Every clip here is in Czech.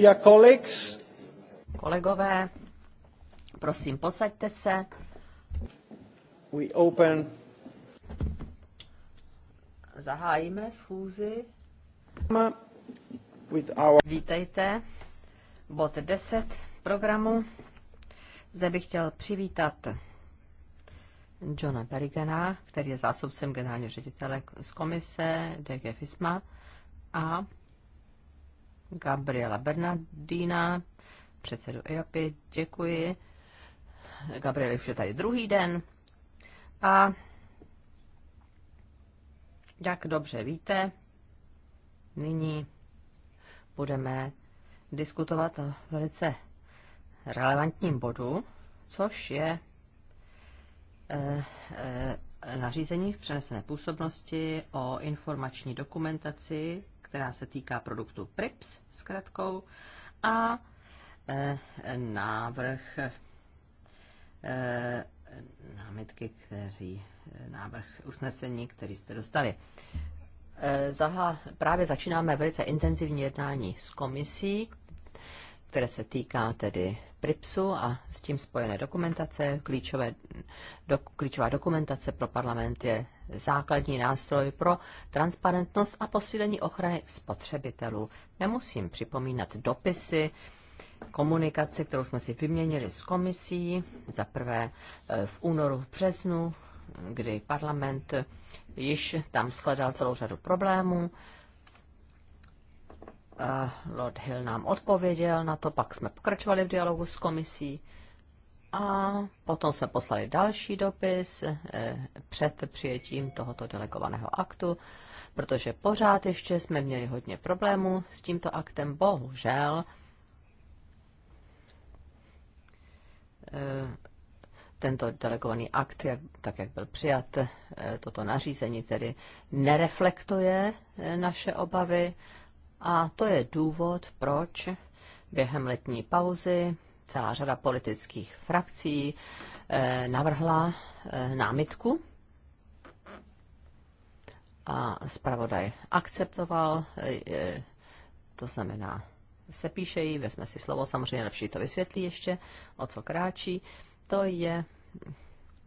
Dear colleagues. Kolegové, prosím, posaďte se. We open. Zahájíme schůzi. With our... Vítejte. Bod 10 programu. Zde bych chtěl přivítat Johna Berigana, který je zásobcem generálního ředitele z komise DG FISMA a Gabriela Bernardina, předsedu EOPy, děkuji. Gabriel už je tady druhý den. A jak dobře víte, nyní budeme diskutovat o velice relevantním bodu, což je e, e, nařízení v přenesené působnosti o informační dokumentaci která se týká produktu PRIPS s kratkou a e, návrh e, námitky, který e, návrh usnesení, který jste dostali. Zaha, právě začínáme velice intenzivní jednání s komisí, které se týká tedy PRIPSu a s tím spojené dokumentace. Klíčové, do, klíčová dokumentace pro parlament je základní nástroj pro transparentnost a posílení ochrany spotřebitelů. Nemusím připomínat dopisy, komunikaci, kterou jsme si vyměnili s komisí, za prvé eh, v únoru, v březnu, kdy parlament již tam shledal celou řadu problémů, Lord Hill nám odpověděl na to, pak jsme pokračovali v dialogu s komisí a potom jsme poslali další dopis eh, před přijetím tohoto delegovaného aktu, protože pořád ještě jsme měli hodně problémů s tímto aktem, bohužel. Eh, tento delegovaný akt, jak, tak jak byl přijat, eh, toto nařízení tedy nereflektuje naše obavy a to je důvod, proč během letní pauzy celá řada politických frakcí eh, navrhla eh, námitku a zpravodaj akceptoval, eh, to znamená, se píše jí, vezme si slovo, samozřejmě lepší to vysvětlí ještě, o co kráčí. To je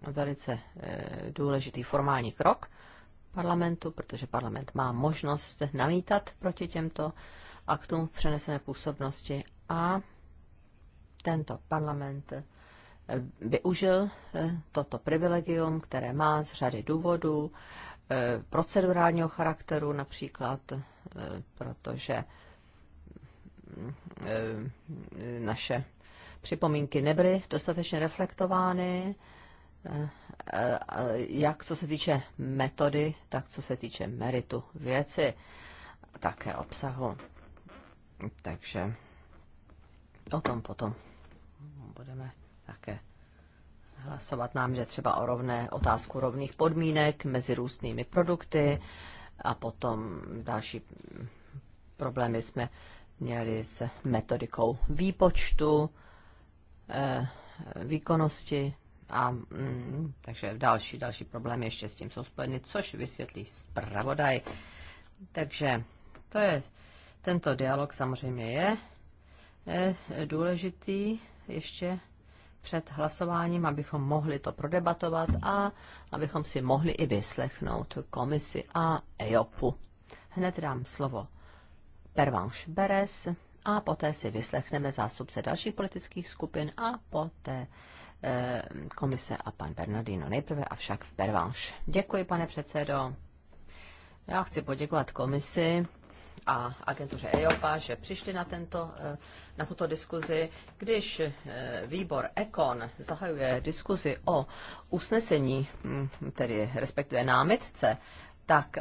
velice důležitý formální krok parlamentu, protože parlament má možnost namítat proti těmto aktům v přenesené působnosti a tento parlament eh, využil eh, toto privilegium, které má z řady důvodů, eh, procedurálního charakteru například, protože mm, naše připomínky nebyly dostatečně reflektovány Eh, jak co se týče metody, tak co se týče meritu věci, také obsahu. Takže o tom potom budeme také hlasovat. Nám že třeba o rovné otázku rovných podmínek mezi různými produkty a potom další problémy jsme měli s metodikou výpočtu, eh, výkonnosti a mm, takže další, další problém ještě s tím jsou spojeny, což vysvětlí zpravodaj. Takže to je, tento dialog samozřejmě je, je důležitý ještě před hlasováním, abychom mohli to prodebatovat a abychom si mohli i vyslechnout komisi a EOPu. Hned dám slovo Pervanš Beres a poté si vyslechneme zástupce dalších politických skupin a poté Eh, komise a pan Bernardino nejprve, avšak v Pervanš. Děkuji, pane předsedo. Já chci poděkovat komisi a agentuře EOPA, že přišli na, tento, eh, na tuto diskuzi. Když eh, výbor ECON zahajuje diskuzi o usnesení, hm, tedy respektive námitce, tak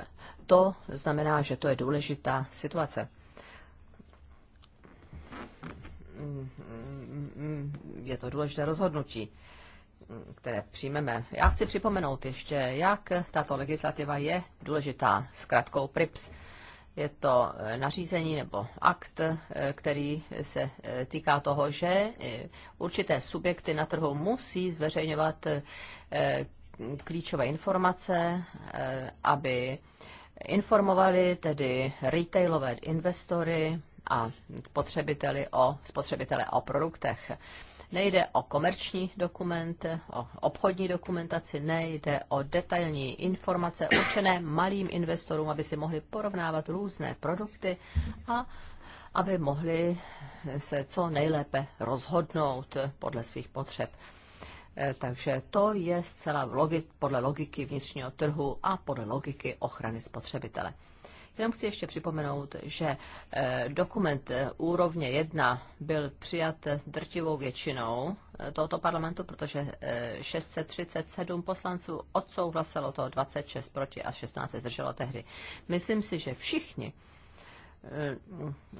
to znamená, že to je důležitá situace je to důležité rozhodnutí, které přijmeme. Já chci připomenout ještě, jak tato legislativa je důležitá, s kratkou PRIPS. Je to nařízení nebo akt, který se týká toho, že určité subjekty na trhu musí zveřejňovat eh, klíčové informace, eh, aby informovali tedy retailové investory a spotřebiteli o, spotřebitele o produktech. Nejde o komerční dokument, o obchodní dokumentaci, nejde o detailní informace určené malým investorům, aby si mohli porovnávat různé produkty a aby mohli se co nejlépe rozhodnout podle svých potřeb. Eh, takže to je zcela logik, podle logiky vnitřního trhu a podle logiky ochrany spotřebitele. Jenom chci ještě připomenout, že eh, dokument eh, úrovně 1 byl přijat drtivou většinou eh, tohoto parlamentu, protože 637 poslanců odsouhlasilo to 26 proti a 16 zdrželo tehdy. Myslím si, že všichni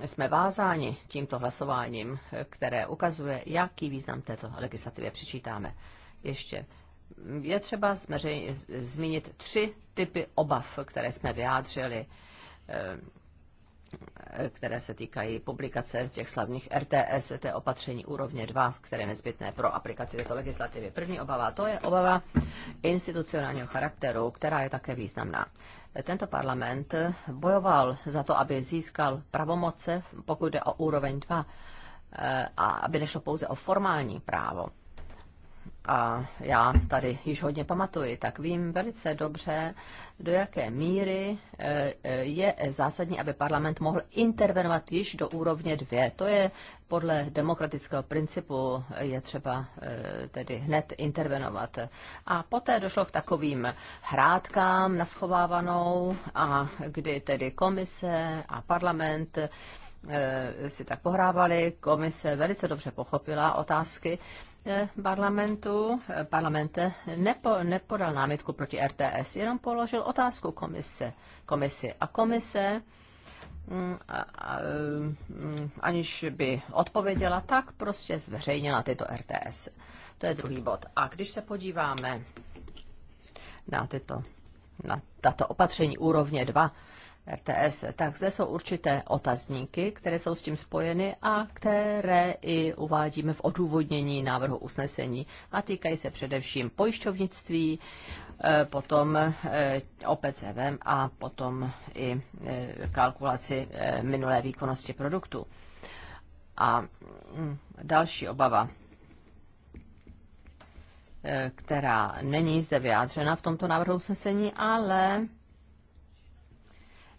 jsme vázáni tímto hlasováním, které ukazuje, jaký význam této legislativě přičítáme. Ještě je třeba zmínit tři typy obav, které jsme vyjádřili. Eh, které se týkají publikace těch slavných RTS, to je opatření úrovně 2, které je nezbytné pro aplikaci této legislativy. První obava, to je obava institucionálního charakteru, která je také významná. Tento parlament bojoval za to, aby získal pravomoce, pokud jde o úroveň 2, eh, a aby nešlo pouze o formální právo a já tady již hodně pamatuji, tak vím velice dobře, do jaké míry e, e, je zásadní, aby parlament mohl intervenovat již do úrovně dvě. To je podle demokratického principu, je třeba e, tedy hned intervenovat. A poté došlo k takovým hrátkám naschovávanou, a kdy tedy komise a parlament si tak pohrávali, komise velice dobře pochopila otázky, Eh, parlamentu, eh, parlament eh, nepo, nepodal námitku proti RTS, jenom položil otázku komise, komisi. A komise mm, mm, aniž by odpověděla, tak prostě zveřejnila tyto RTS. To je druhý bod. A když se podíváme na, tyto, na tato opatření úrovně 2, RTS. Tak zde jsou určité otazníky, které jsou s tím spojeny a které i uvádíme v odůvodnění návrhu usnesení a týkají se především pojišťovnictví, e, potom e, OPCVM a potom i e, kalkulaci minulé výkonnosti produktu. A mm, další obava, která není zde vyjádřena v tomto návrhu usnesení, ale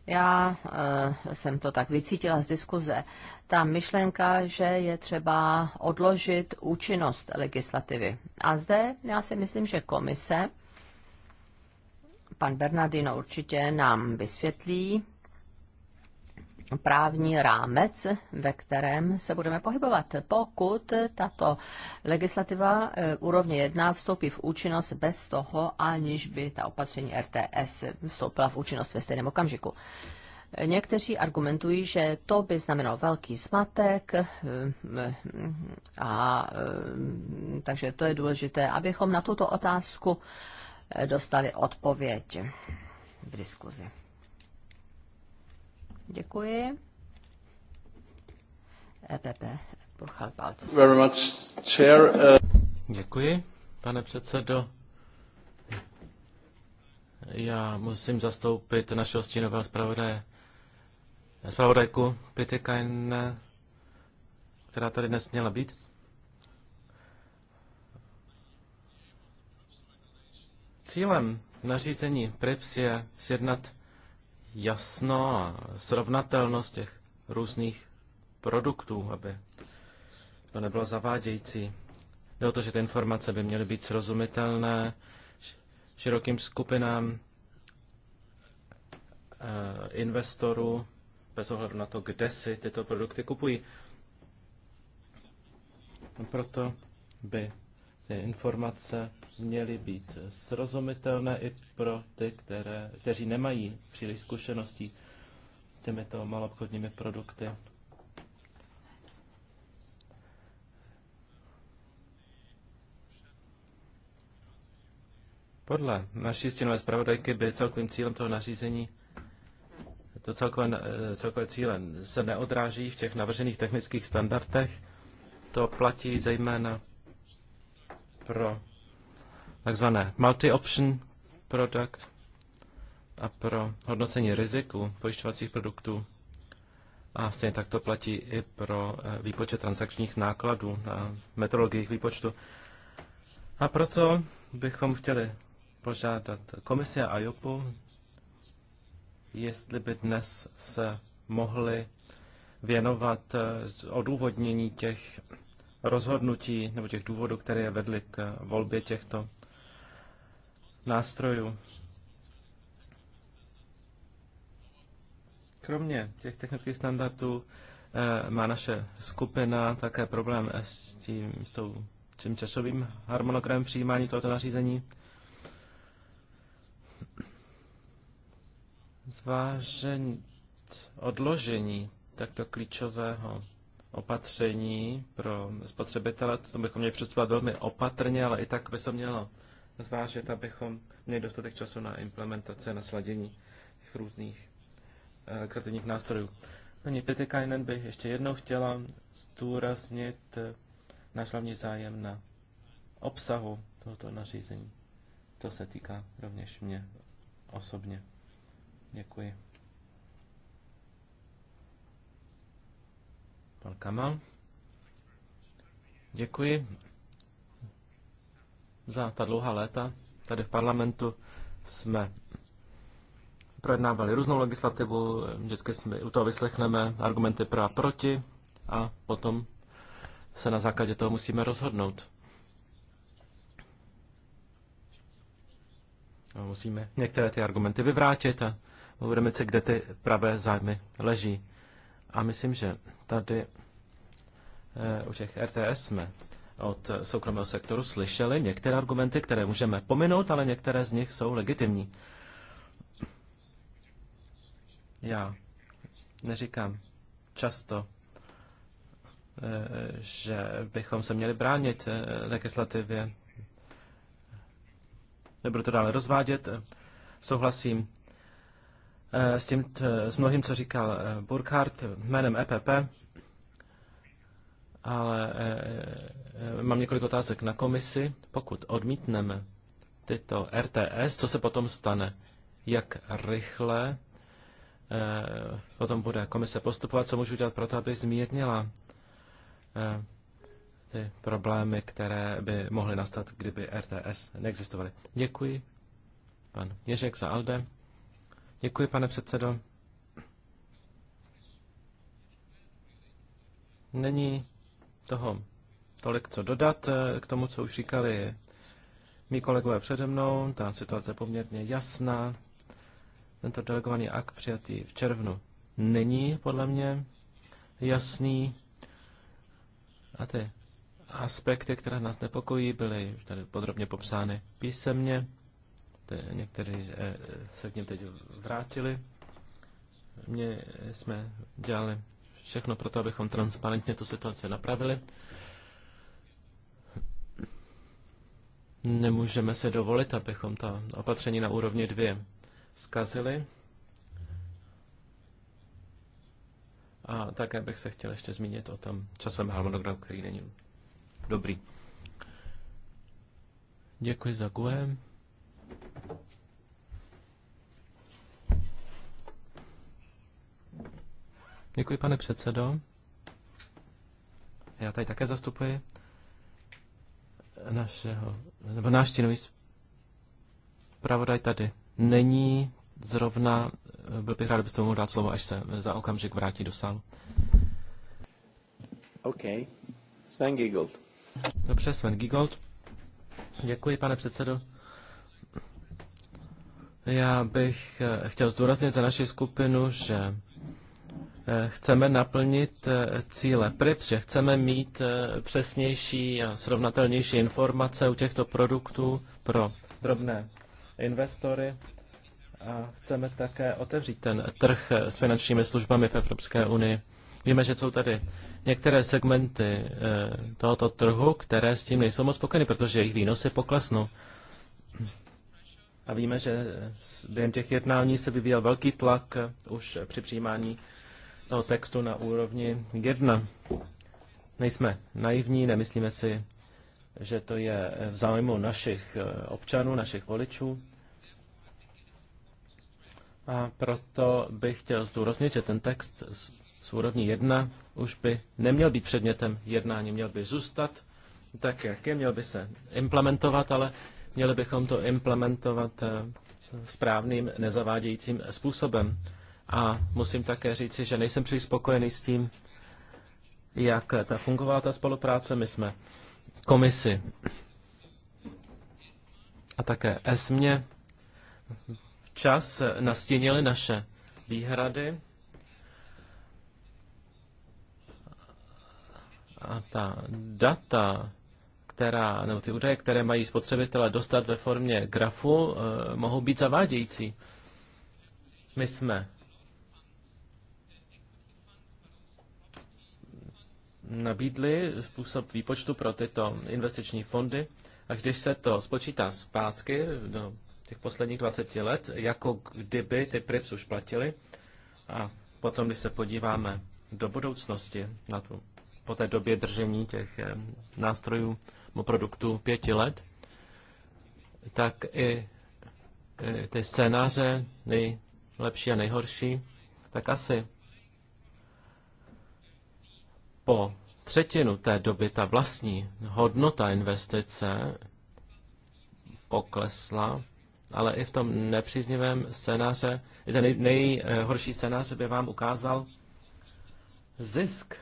já e, jsem to tak vycítila z diskuze. Ta myšlenka, že je třeba odložit účinnost legislativy. A zde já si myslím, že komise, pan Bernardino určitě nám vysvětlí, právní rámec, ve kterém se budeme pohybovat, pokud tato legislativa eh, úrovně 1 vstoupí v účinnost bez toho, aniž by ta opatření RTS vstoupila v účinnost ve stejném okamžiku. Někteří argumentují, že to by znamenalo velký zmatek eh, a eh, takže to je důležité, abychom na tuto otázku dostali odpověď v diskuzi. Děkuji. EPP, Burchal Very much, chair. Uh, Děkuji, pane předsedo. Já musím zastoupit našeho stínového zpravodaje, zpravodajku Kain, která tady dnes měla být. Cílem nařízení PRIPS je sjednat jasno a srovnatelnost těch různých produktů, aby to nebylo zavádějící. Jde o to, že ty informace by měly být srozumitelné širokým skupinám eh, investorů, bez ohledu na to, kde si tyto produkty kupují. Proto by ty informace měly být srozumitelné i pro ty, které, kteří nemají příliš zkušeností těmito malobchodními produkty. Podle naší stěnové zpravodajky by celkovým cílem toho nařízení to celkové, celkové cíle se neodráží v těch navržených technických standardech. To platí zejména pro takzvané multi-option product a pro hodnocení riziku pojišťovacích produktů. A stejně tak to platí i pro eh, výpočet transakčních nákladů a metodologii jejich výpočtu. A proto bychom chtěli požádat komisi a IOPu, jestli by dnes se mohli věnovat eh, odůvodnění těch rozhodnutí nebo těch důvodů, které je vedly k volbě těchto nástrojů. Kromě těch technických standardů eh, má naše skupina také problém s tím, s tou, tím časovým harmonogramem přijímání tohoto nařízení. Zvážení odložení takto klíčového opatření pro spotřebitele. To bychom měli přistupovat velmi opatrně, ale i tak by se mělo zvážit, abychom měli dostatek času na implementaci, na sladění těch různých legislativních eh, nástrojů. Paní Pitikainen bych ještě jednou chtěla zdůraznit eh, náš hlavní zájem na obsahu tohoto nařízení. To se týká rovněž mě osobně. Děkuji. Pan Kamal. Děkuji za ta dlouhá léta. Tady v parlamentu jsme projednávali různou legislativu, vždycky jsme u toho vyslechneme argumenty pro a proti a potom se na základě toho musíme rozhodnout. A musíme některé ty argumenty vyvrátit a uvědomit si, kde ty pravé zájmy leží. A myslím, že tady eh, u těch RTS jsme od soukromého sektoru slyšeli některé argumenty, které můžeme pominout, ale některé z nich jsou legitimní. Já neříkám často, eh, že bychom se měli bránit eh, legislativě. Nebudu to dále rozvádět. Souhlasím Eh, s, tím, s mnohým, co říkal eh, Burkhardt eh, jménem EPP, ale mám několik otázek na komisi. Pokud odmítneme tyto RTS, co se potom stane? Jak rychle potom bude komise postupovat? Co můžu dělat pro to, aby zmírnila ty problémy, které by mohly nastat, kdyby RTS neexistovaly? Děkuji. Pan Ježek za Alde. Děkuji, pane předsedo. Není toho tolik co dodat eh, k tomu, co už říkali mý kolegové přede mnou. Ta situace je poměrně jasná. Tento delegovaný akt přijatý v červnu není podle mě jasný. A ty aspekty, které nás nepokojí, byly už tady podrobně popsány písemně. Eh, někteří eh, se k něm teď vrátili. My jsme dělali všechno pro to, abychom transparentně tu situaci napravili. Nemůžeme se dovolit, abychom ta opatření na úrovni dvě zkazili. A také bych se chtěl ještě zmínit o tom časovém harmonogramu, který není dobrý. Děkuji za guem. Děkuji, pane předsedo. Já tady také zastupuji našeho, nebo náš činový zpravodaj tady není zrovna. Eh, byl bych rád, kdybyste mu dát slovo, až se za okamžik vrátí do sálu. OK. Sven Giegold. Dobře, Sven Giegold. Děkuji, pane předsedo. Já bych eh, chtěl zdůraznit za naši skupinu, že eh, chceme naplnit eh, cíle PRIPS, že chceme mít přesnější a srovnatelnější informace u těchto produktů pro drobné investory a chceme také otevřít ten trh s finančními službami v Evropské unii. Víme, že jsou tady některé segmenty tohoto trhu, které s tím nejsou moc spokojeny, protože jejich výnosy poklesnou. A víme, že během těch jednání se vyvíjel velký tlak už při přijímání toho textu na úrovni 1. Nejsme naivní, nemyslíme si, že to je v zájmu našich eh, občanů, našich voličů. A proto bych chtěl zdůraznit, že ten text z úrovni 1 už by neměl být předmětem jednání, měl by zůstat tak, jak je, měl by se implementovat, ale Měli bychom to implementovat eh, správným, nezavádějícím způsobem. A musím také říci, že nejsem příliš spokojený s tím, jak ta fungovala ta spolupráce. My jsme komisi a také ESMě včas nastínili naše výhrady. A ta data která, nebo ty údaje, které mají spotřebitele dostat ve formě grafu, eh, mohou být zavádějící. My jsme nabídli způsob výpočtu pro tyto investiční fondy a když se to spočítá zpátky do těch posledních 20 let, jako kdyby ty PRIPS už platili a potom, když se podíváme do budoucnosti, na tu, po té době držení těch eh, nástrojů, produktu pěti let, tak i ty scénáře nejlepší a nejhorší, tak asi po třetinu té doby ta vlastní hodnota investice poklesla, ale i v tom nepříznivém scénáře, i ten nejhorší scénář by vám ukázal zisk.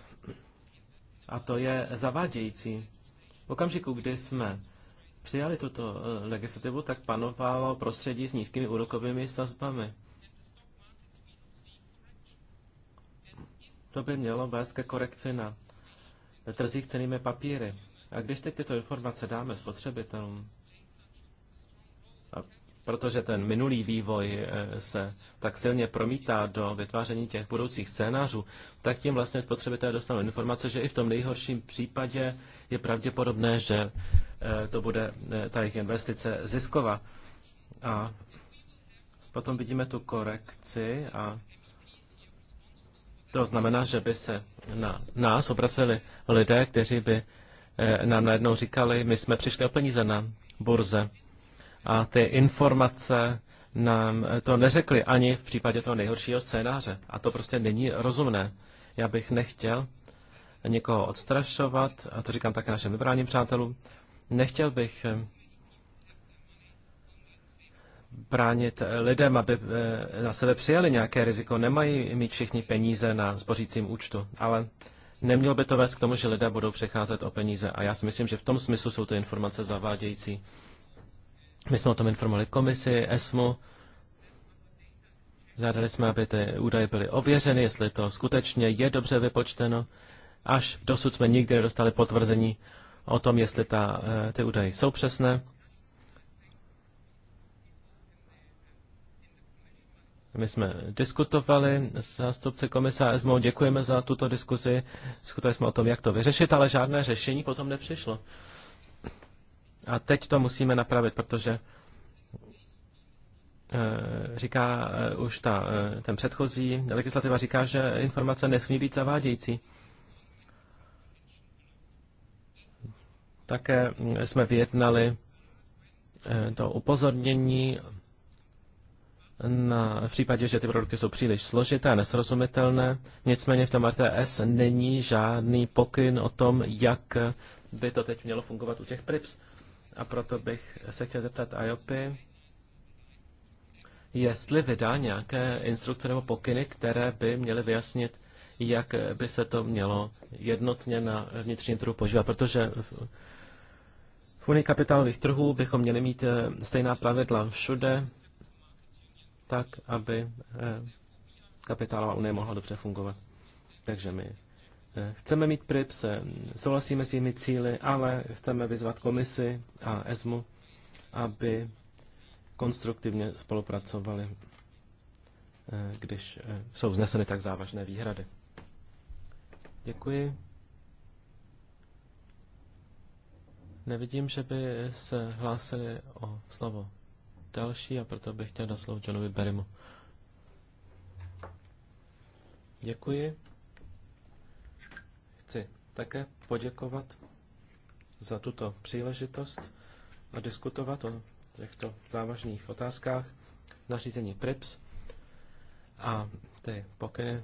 A to je zavádějící okamžiku, kdy jsme přijali tuto eh, legislativu, tak panovalo prostředí s nízkými úrokovými sazbami. To by mělo vést ke korekci na trzích cenými papíry. A když teď tyto informace dáme spotřebitelům, protože ten minulý vývoj eh, se tak silně promítá do vytváření těch budoucích scénářů, tak tím vlastně spotřebitelé dostanou informace, že i v tom nejhorším případě je pravděpodobné, že eh, to bude eh, ta jejich investice zisková. A potom vidíme tu korekci a to znamená, že by se na nás obraceli lidé, kteří by nám najednou říkali, my jsme přišli o peníze na burze a ty informace nám to neřekli ani v případě toho nejhoršího scénáře. A to prostě není rozumné. Já bych nechtěl někoho odstrašovat, a to říkám také našim vybráním přátelům, nechtěl bych eh, bránit lidem, aby eh, na sebe přijali nějaké riziko. Nemají mít všichni peníze na spořícím účtu, ale nemělo by to vést k tomu, že lidé budou přecházet o peníze. A já si myslím, že v tom smyslu jsou ty informace zavádějící. My jsme o tom informovali komisi, ESMu, žádali jsme, aby ty údaje byly ověřeny, jestli to skutečně je dobře vypočteno. Až dosud jsme nikdy nedostali potvrzení o tom, jestli ta, eh, ty údaje jsou přesné. My jsme diskutovali s zástupci komise ESMO, děkujeme za tuto diskuzi, diskutovali jsme o tom, jak to vyřešit, ale žádné řešení potom nepřišlo. A teď to musíme napravit, protože eh, říká eh, už ta, eh, ten předchozí legislativa říká, že informace nesmí být zavádějící. Také jsme vyjednali to upozornění na, v případě, že ty produkty jsou příliš složité a nesrozumitelné. Nicméně v tom RTS není žádný pokyn o tom, jak by to teď mělo fungovat u těch PRIPS. A proto bych se chtěl zeptat Ayopy, jestli vydá nějaké instrukce nebo pokyny, které by měly vyjasnit, jak by se to mělo jednotně na vnitřním trhu požívat, protože v unii kapitálových trhů bychom měli mít eh, stejná pravidla všude, tak, aby eh, kapitálová unie mohla dobře fungovat. Takže my Chceme mít PRIPS, eh, souhlasíme s jimi cíly, ale chceme vyzvat komisi a ESMu, aby konstruktivně spolupracovali, eh, když eh, jsou vzneseny tak závažné výhrady. Děkuji. Nevidím, že by se hlásili o slovo další a proto bych chtěl dát slovo Johnovi Berimu. Děkuji také poděkovat za tuto příležitost a diskutovat o těchto závažných otázkách nařízení PRIPS a ty pokyny,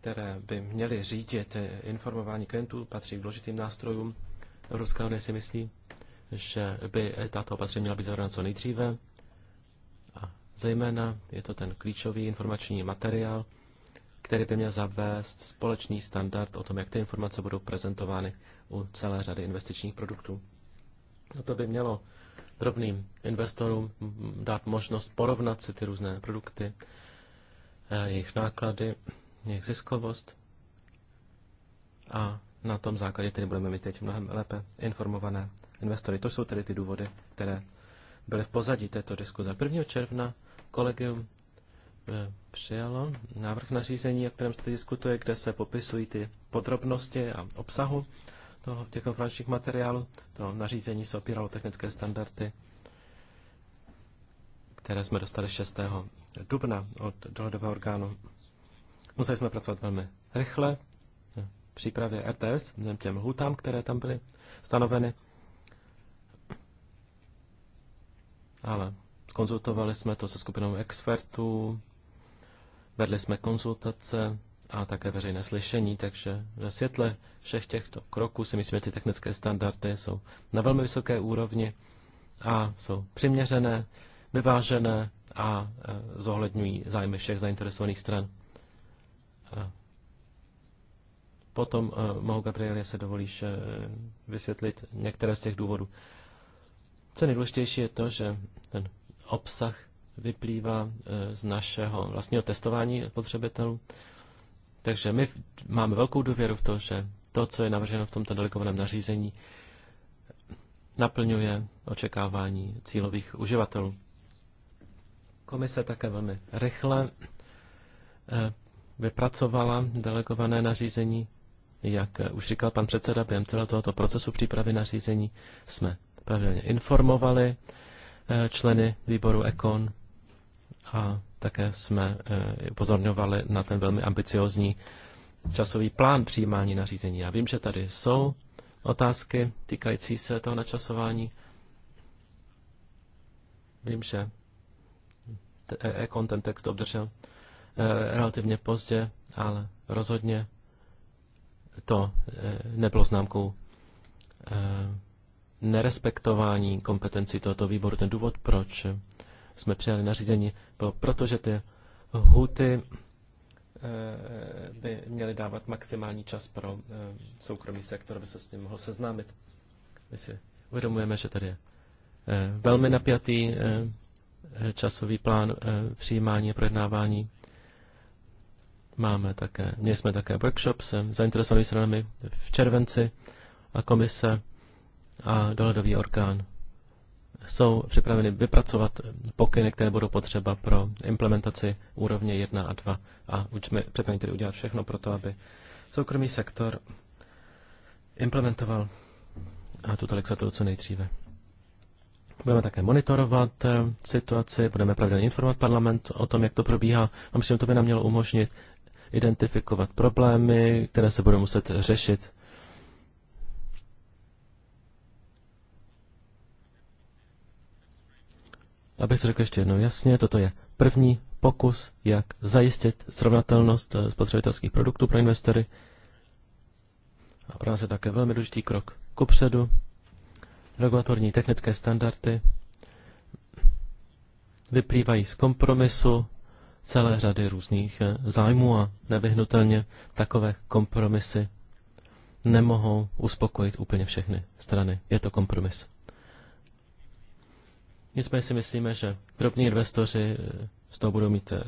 které by měly řídit informování klientů, patří k důležitým nástrojům. Evropská unie si myslí, že by tato opatření měla být zavedena co nejdříve a zejména je to ten klíčový informační materiál, který by měl zavést společný standard o tom, jak ty informace budou prezentovány u celé řady investičních produktů. A to by mělo drobným investorům dát možnost porovnat si ty různé produkty, eh, jejich náklady, jejich ziskovost a na tom základě tedy budeme mít teď mnohem lépe informované investory. To jsou tedy ty důvody, které byly v pozadí této diskuze. 1. června kolegium E, přijalo návrh nařízení, o kterém se diskutuje, kde se popisují ty podrobnosti a obsahu toho, těch konferenčních materiálů. To nařízení se opíralo technické standardy, které jsme dostali 6. dubna od dohledového orgánu. Museli jsme pracovat velmi rychle v přípravě RTS, vzhledem těm lhůtám, které tam byly stanoveny. Ale konzultovali jsme to se skupinou expertů, Vedli jsme konzultace a také veřejné slyšení, takže ve světle všech těchto kroků si myslím, že ty technické standardy jsou na velmi vysoké úrovni a jsou přiměřené, vyvážené a e, zohledňují zájmy všech zainteresovaných stran. A potom e, mohu, Gabriel, se dovolíš e, vysvětlit některé z těch důvodů. Co nejdůležitější je to, že ten obsah vyplývá e, z našeho vlastního testování potřebitelů. Takže my máme velkou důvěru v to, že to, co je navrženo v tomto delegovaném nařízení, naplňuje očekávání cílových uživatelů. Komise také velmi rychle e, vypracovala delegované nařízení. Jak e, už říkal pan předseda, během celého tohoto procesu přípravy nařízení jsme pravidelně informovali členy výboru ECON a také jsme eh, upozorňovali na ten velmi ambiciozní časový plán přijímání nařízení. Já vím, že tady jsou otázky týkající se toho načasování. Vím, že e- Econ ten text obdržel eh, relativně pozdě, ale rozhodně to eh, nebylo známkou nerespektování kompetencí tohoto výboru. Ten důvod, proč jsme přijali nařízení, bylo proto, že ty huty eh, by měly dávat maximální čas pro eh, soukromý sektor, aby se s ním mohl seznámit. My si uvědomujeme, že tady je eh, velmi napjatý časový plán přijímání a projednávání. Máme také, měli jsme také workshop se zainteresovanými stranami v červenci a komise a dohledový orgán jsou připraveny vypracovat pokyny, které budou potřeba pro implementaci úrovně 1 a 2. A už jsme připraveni tedy udělat všechno pro to, aby soukromý sektor implementoval tuto legislaturu co nejdříve. Budeme také monitorovat eh, situaci, budeme pravidelně informovat parlament o tom, jak to probíhá a myslím, to by nám mělo umožnit identifikovat problémy, které se budou muset řešit Abych to řekl ještě jednou jasně, toto je první pokus, jak zajistit srovnatelnost eh, spotřebitelských produktů pro investory. A pro nás je také velmi důležitý krok předu. regulatorní technické standardy vyplývají z kompromisu celé řady různých eh, zájmů a nevyhnutelně takové kompromisy nemohou uspokojit úplně všechny strany. Je to kompromis. Nicméně si myslíme, že drobní investoři eh, z toho budou mít eh,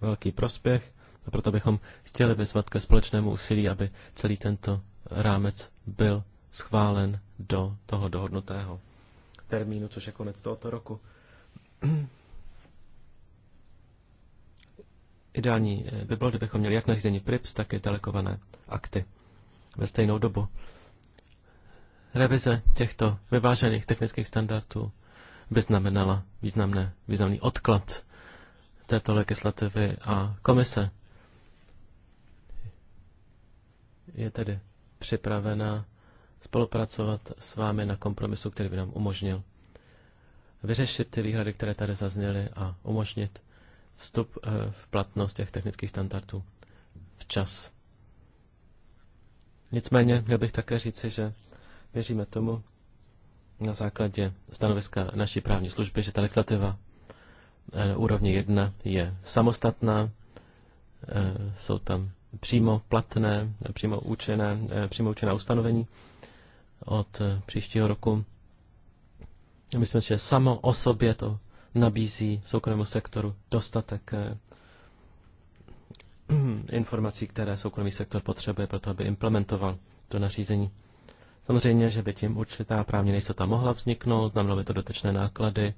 velký prospěch a proto bychom chtěli vyzvat ke společnému úsilí, aby celý tento rámec byl schválen do toho dohodnutého termínu, což je konec tohoto roku. Ideální eh, by bylo, kdybychom měli jak nařízení PRIPS, tak i delegované akty ve stejnou dobu. Revize těchto vyvážených technických standardů by znamenala významné, významný odklad této legislativy a komise je tedy připravena spolupracovat s vámi na kompromisu, který by nám umožnil vyřešit ty výhrady, které tady zazněly a umožnit vstup eh, v platnost těch technických standardů včas. Nicméně měl bych také říci, že věříme tomu, na základě stanoviska naší právní služby, že ta legislativa eh, úrovně 1 je samostatná, eh, jsou tam přímo platné, přímo účené, eh, přímo účená ustanovení od příštího roku. Myslím, že samo o sobě to nabízí soukromému sektoru dostatek informací, které soukromý sektor potřebuje pro to, aby implementoval to nařízení. Samozřejmě, že by tím určitá právní nejistota mohla vzniknout, znamenalo by to dotečné náklady.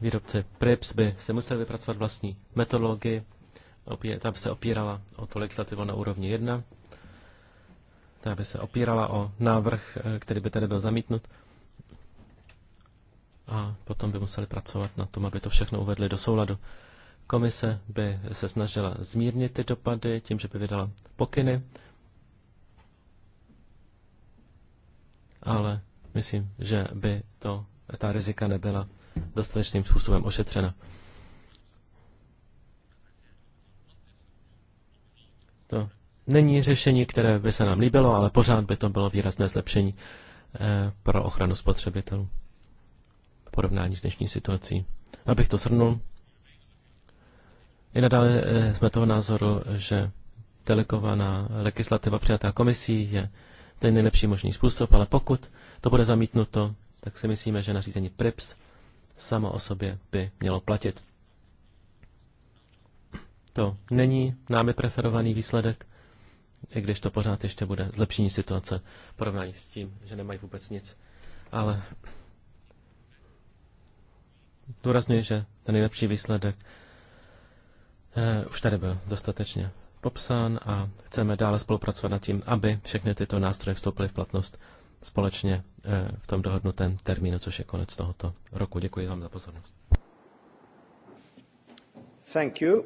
Výrobce PRIPS by se musel vypracovat vlastní metodologii, ta by se opírala o tu legislativu na úrovni 1, ta by se opírala o návrh, eh, který by tady byl zamítnut a potom by museli pracovat na tom, aby to všechno uvedli do souladu. Komise by se snažila zmírnit ty dopady tím, že by vydala pokyny, ale myslím, že by to, ta rizika nebyla dostatečným způsobem ošetřena. To není řešení, které by se nám líbilo, ale pořád by to bylo výrazné zlepšení eh, pro ochranu spotřebitelů v porovnání s dnešní situací. Abych to shrnul, i nadále eh, jsme toho názoru, že delegovaná legislativa přijatá komisí je to je nejlepší možný způsob, ale pokud to bude zamítnuto, tak si myslíme, že nařízení PRIPS samo o sobě by mělo platit. To není námi preferovaný výsledek, i když to pořád ještě bude zlepšení situace v porovnání s tím, že nemají vůbec nic. Ale důrazňuji, že ten nejlepší výsledek eh, už tady byl dostatečně popsán a chceme dále spolupracovat nad tím, aby všechny tyto nástroje vstoupily v platnost společně eh, v tom dohodnutém termínu, což je konec tohoto roku. Děkuji vám za pozornost. Thank you.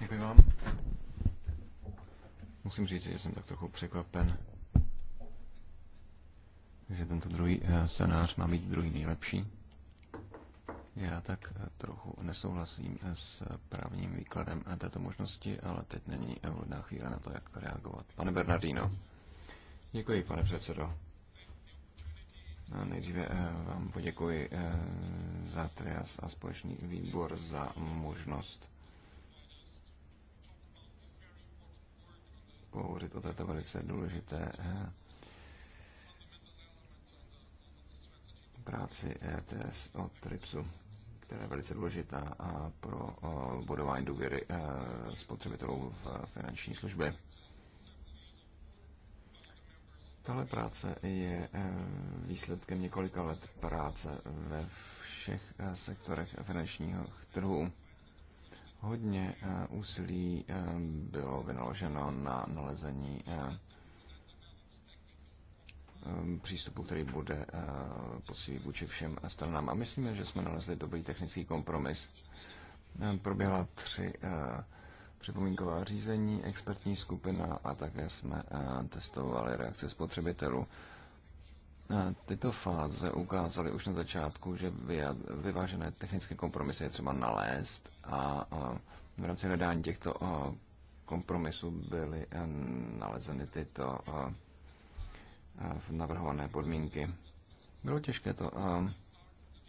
Děkuji vám. Musím říct, že jsem tak trochu překvapen, že tento druhý eh, scénář má být druhý nejlepší. Já tak eh, trochu nesouhlasím eh, s právním výkladem eh, této možnosti, ale teď není vhodná chvíle na to, jak reagovat. Pane Bernardino. Děkuji, pane předsedo. A nejdříve vám poděkuji za Trias a společný výbor za možnost pohovořit o této velice důležité práci ETS od TRIPSu která je velice důležitá pro budování důvěry e, spotřebitelů v finanční službě. Tahle práce je e, výsledkem několika let práce ve všech e, sektorech finančního trhu. Hodně úsilí bylo vynaloženo na nalezení Um, přístupu, který bude uh, poctivý vůči všem stranám. A myslíme, že jsme nalezli dobrý technický kompromis. Um, proběhla tři uh, připomínková řízení, expertní skupina a také jsme uh, testovali reakce spotřebitelů. Tyto fáze ukázaly už na začátku, že vyvážené technické kompromisy je třeba nalézt a v rámci hledání těchto kompromisů byly nalezeny tyto v navrhované podmínky. Bylo těžké to eh,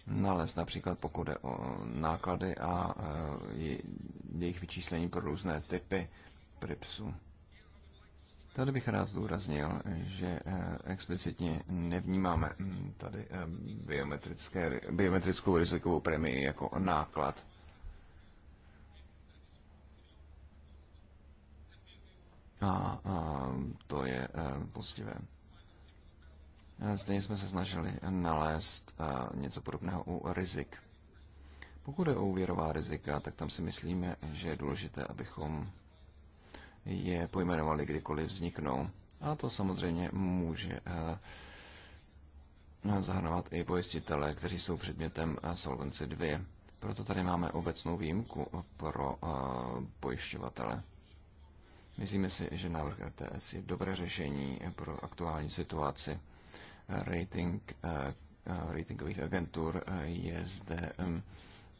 nalézt, například pokud jde o eh, náklady a eh, jejich vyčíslení pro různé typy PRIPSů. Tady bych rád zdůraznil, že explicitně nevnímáme hm, tady biometrické, biometrickou rizikovou premii jako náklad. A, a to je poctivé. Stejně jsme se snažili nalézt něco podobného u rizik. Pokud je o úvěrová rizika, tak tam si myslíme, že je důležité, abychom je pojmenovali, kdykoliv vzniknou. A to samozřejmě může zahrnovat i pojistitele, kteří jsou předmětem Solvency 2. Proto tady máme obecnou výjimku pro pojišťovatele. Myslíme si, že návrh RTS je dobré řešení pro aktuální situaci rating, eh, eh, ratingových agentur eh, je zde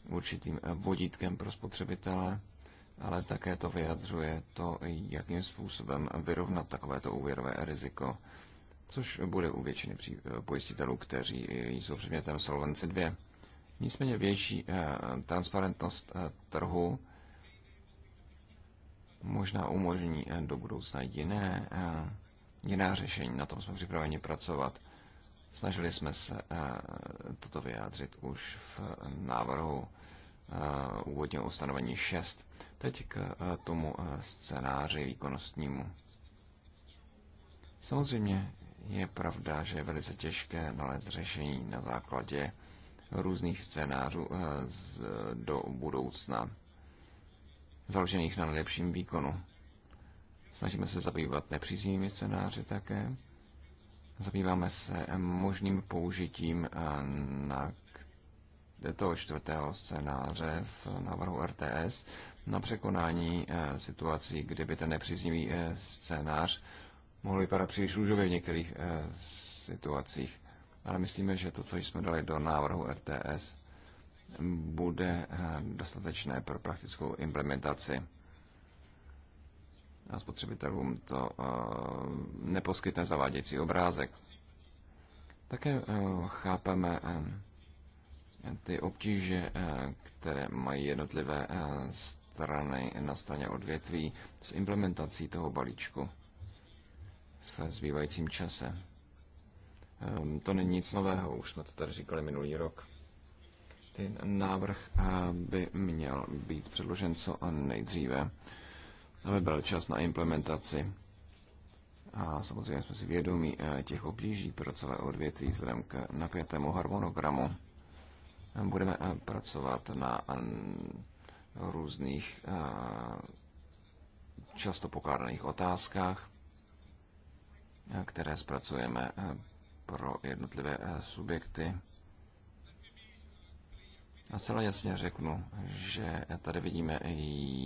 určitým vodítkem pro spotřebitele, ale také to vyjadřuje to, jakým způsobem vyrovnat takovéto úvěrové riziko, což bude u většiny pojistitelů, kteří jsou předmětem Solvency 2. Nicméně větší transparentnost trhu možná umožní do budoucna jiné, jiná řešení. Na tom jsme připraveni pracovat. Snažili jsme se eh, toto vyjádřit už v návrhu eh, úvodního ustanovení 6. Teď k eh, tomu scénáři výkonnostnímu. Samozřejmě je pravda, že je velice těžké nalézt řešení na základě různých scénářů do budoucna, založených na nejlepším výkonu. Snažíme se zabývat nepříznivými scénáři také Zabýváme se možným použitím eh, na toho čtvrtého scénáře v návrhu RTS na překonání eh, situací, kdyby ten nepříznivý eh, scénář mohl vypadat příliš růžově v některých situacích. Ale myslíme, že to, co jsme dali do návrhu RTS, bude dostatečné pro praktickou implementaci a spotřebitelům to eh, neposkytne zavádějící obrázek. Také eh, chápeme eh, ty obtíže, které mají jednotlivé strany na straně odvětví s implementací toho balíčku v zbývajícím čase. Ehm, to není nic nového, už jsme to tady říkali minulý rok. Ten návrh by měl být předložen co nejdříve aby byl čas na implementaci. A samozřejmě jsme si vědomí eh, těch obtíží pro celé odvětví vzhledem k napětému harmonogramu. Budeme eh, pracovat na eh, různých často pokládaných otázkách, které zpracujeme pro jednotlivé subjekty. Já celé jasně řeknu, že tady vidíme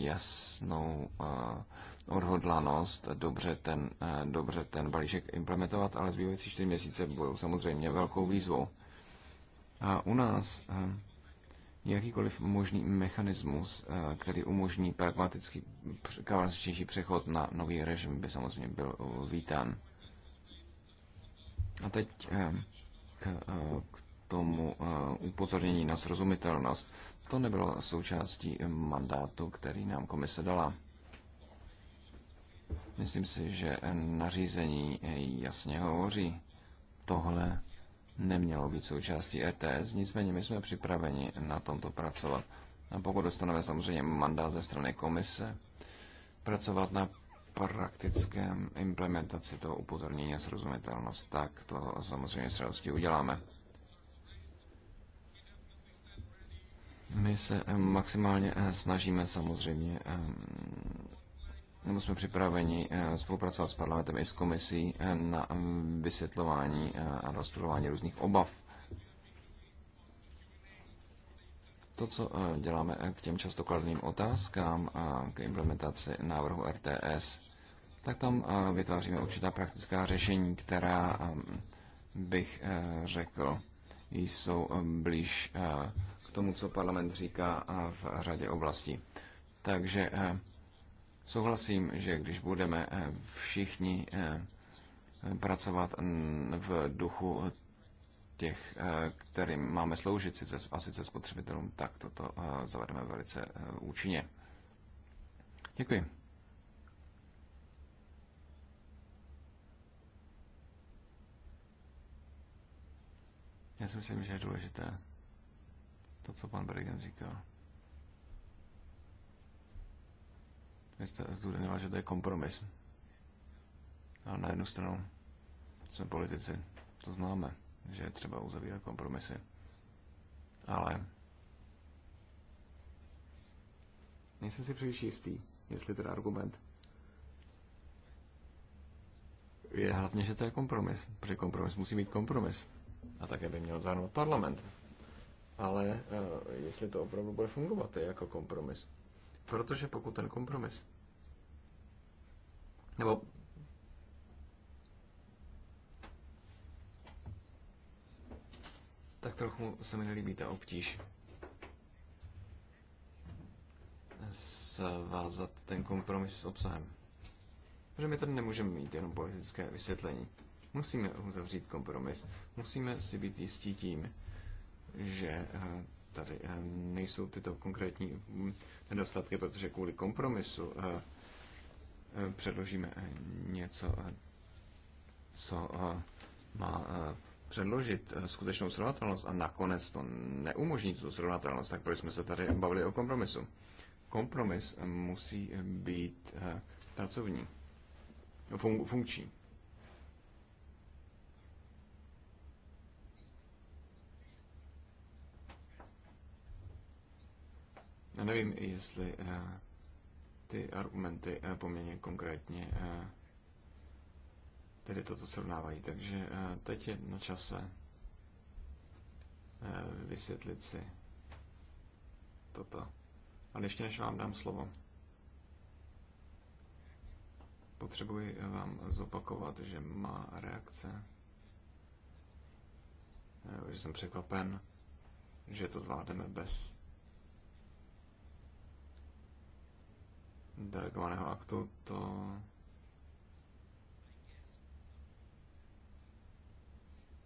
jasnou eh, odhodlanost dobře ten, eh, dobře ten balíček implementovat, ale zbývající čtyři měsíce budou samozřejmě velkou výzvou. A u nás eh, jakýkoliv možný mechanismus, který umožní pragmatický kavalstřejší přechod na nový režim, by samozřejmě byl vítán. A teď k, k tomu eh, upozornění na srozumitelnost. To nebylo součástí mandátu, který nám komise dala. Myslím si, že nařízení jasně hovoří. Tohle nemělo být součástí ETS, nicméně my jsme připraveni na tomto pracovat. A pokud dostaneme samozřejmě mandát ze strany komise, pracovat na praktickém implementaci toho upozornění a srozumitelnost, tak to samozřejmě s radostí uděláme. My se eh, maximálně eh, snažíme samozřejmě, eh, nebo jsme připraveni spolupracovat s parlamentem i s komisí na vysvětlování a rozprávání různých obav. To, co děláme k těm často kladným otázkám a k implementaci návrhu RTS, tak tam vytváříme určitá praktická řešení, která bych řekl, jsou blíž k tomu, co parlament říká a v řadě oblastí. Takže eh, souhlasím, že když budeme eh, všichni eh, pracovat v duchu těch, kterým máme sloužit, sice, a sice spotřebitelům, tak toto zavedeme velice účinně. Děkuji. Já si myslím, že je důležité to, co pan Bergen říkal. Vy jste zdůrazňoval, že to je kompromis. A na jednu stranu jsme politici, to známe, že je třeba uzavírat kompromisy. Ale nejsem si příliš jistý, jestli ten argument je hlavně, že to je kompromis, protože kompromis musí být kompromis. A také by měl zahrnout parlament ale eh, jestli to opravdu bude fungovat je jako kompromis. Protože pokud ten kompromis, nebo tak trochu se mi nelíbí ta obtíž svázat ten kompromis s obsahem. Protože my tady nemůžeme mít jenom politické vysvětlení. Musíme uzavřít kompromis. Musíme si být jistí tím, že eh, tady eh, nejsou tyto konkrétní mm, nedostatky, protože kvůli kompromisu eh, předložíme něco, co má předložit skutečnou srovnatelnost a nakonec to neumožní tu srovnatelnost, tak proč jsme se tady bavili o kompromisu? Kompromis musí být pracovní, fun- funkční. Já nevím, jestli eh, ty argumenty eh, poměrně konkrétně eh, tedy toto srovnávají. Takže teď je na čase vysvětlit si toto. A ještě než vám dám slovo, potřebuji vám zopakovat, že má reakce, že jsem překvapen, že to zvládneme bez delegovaného aktu, to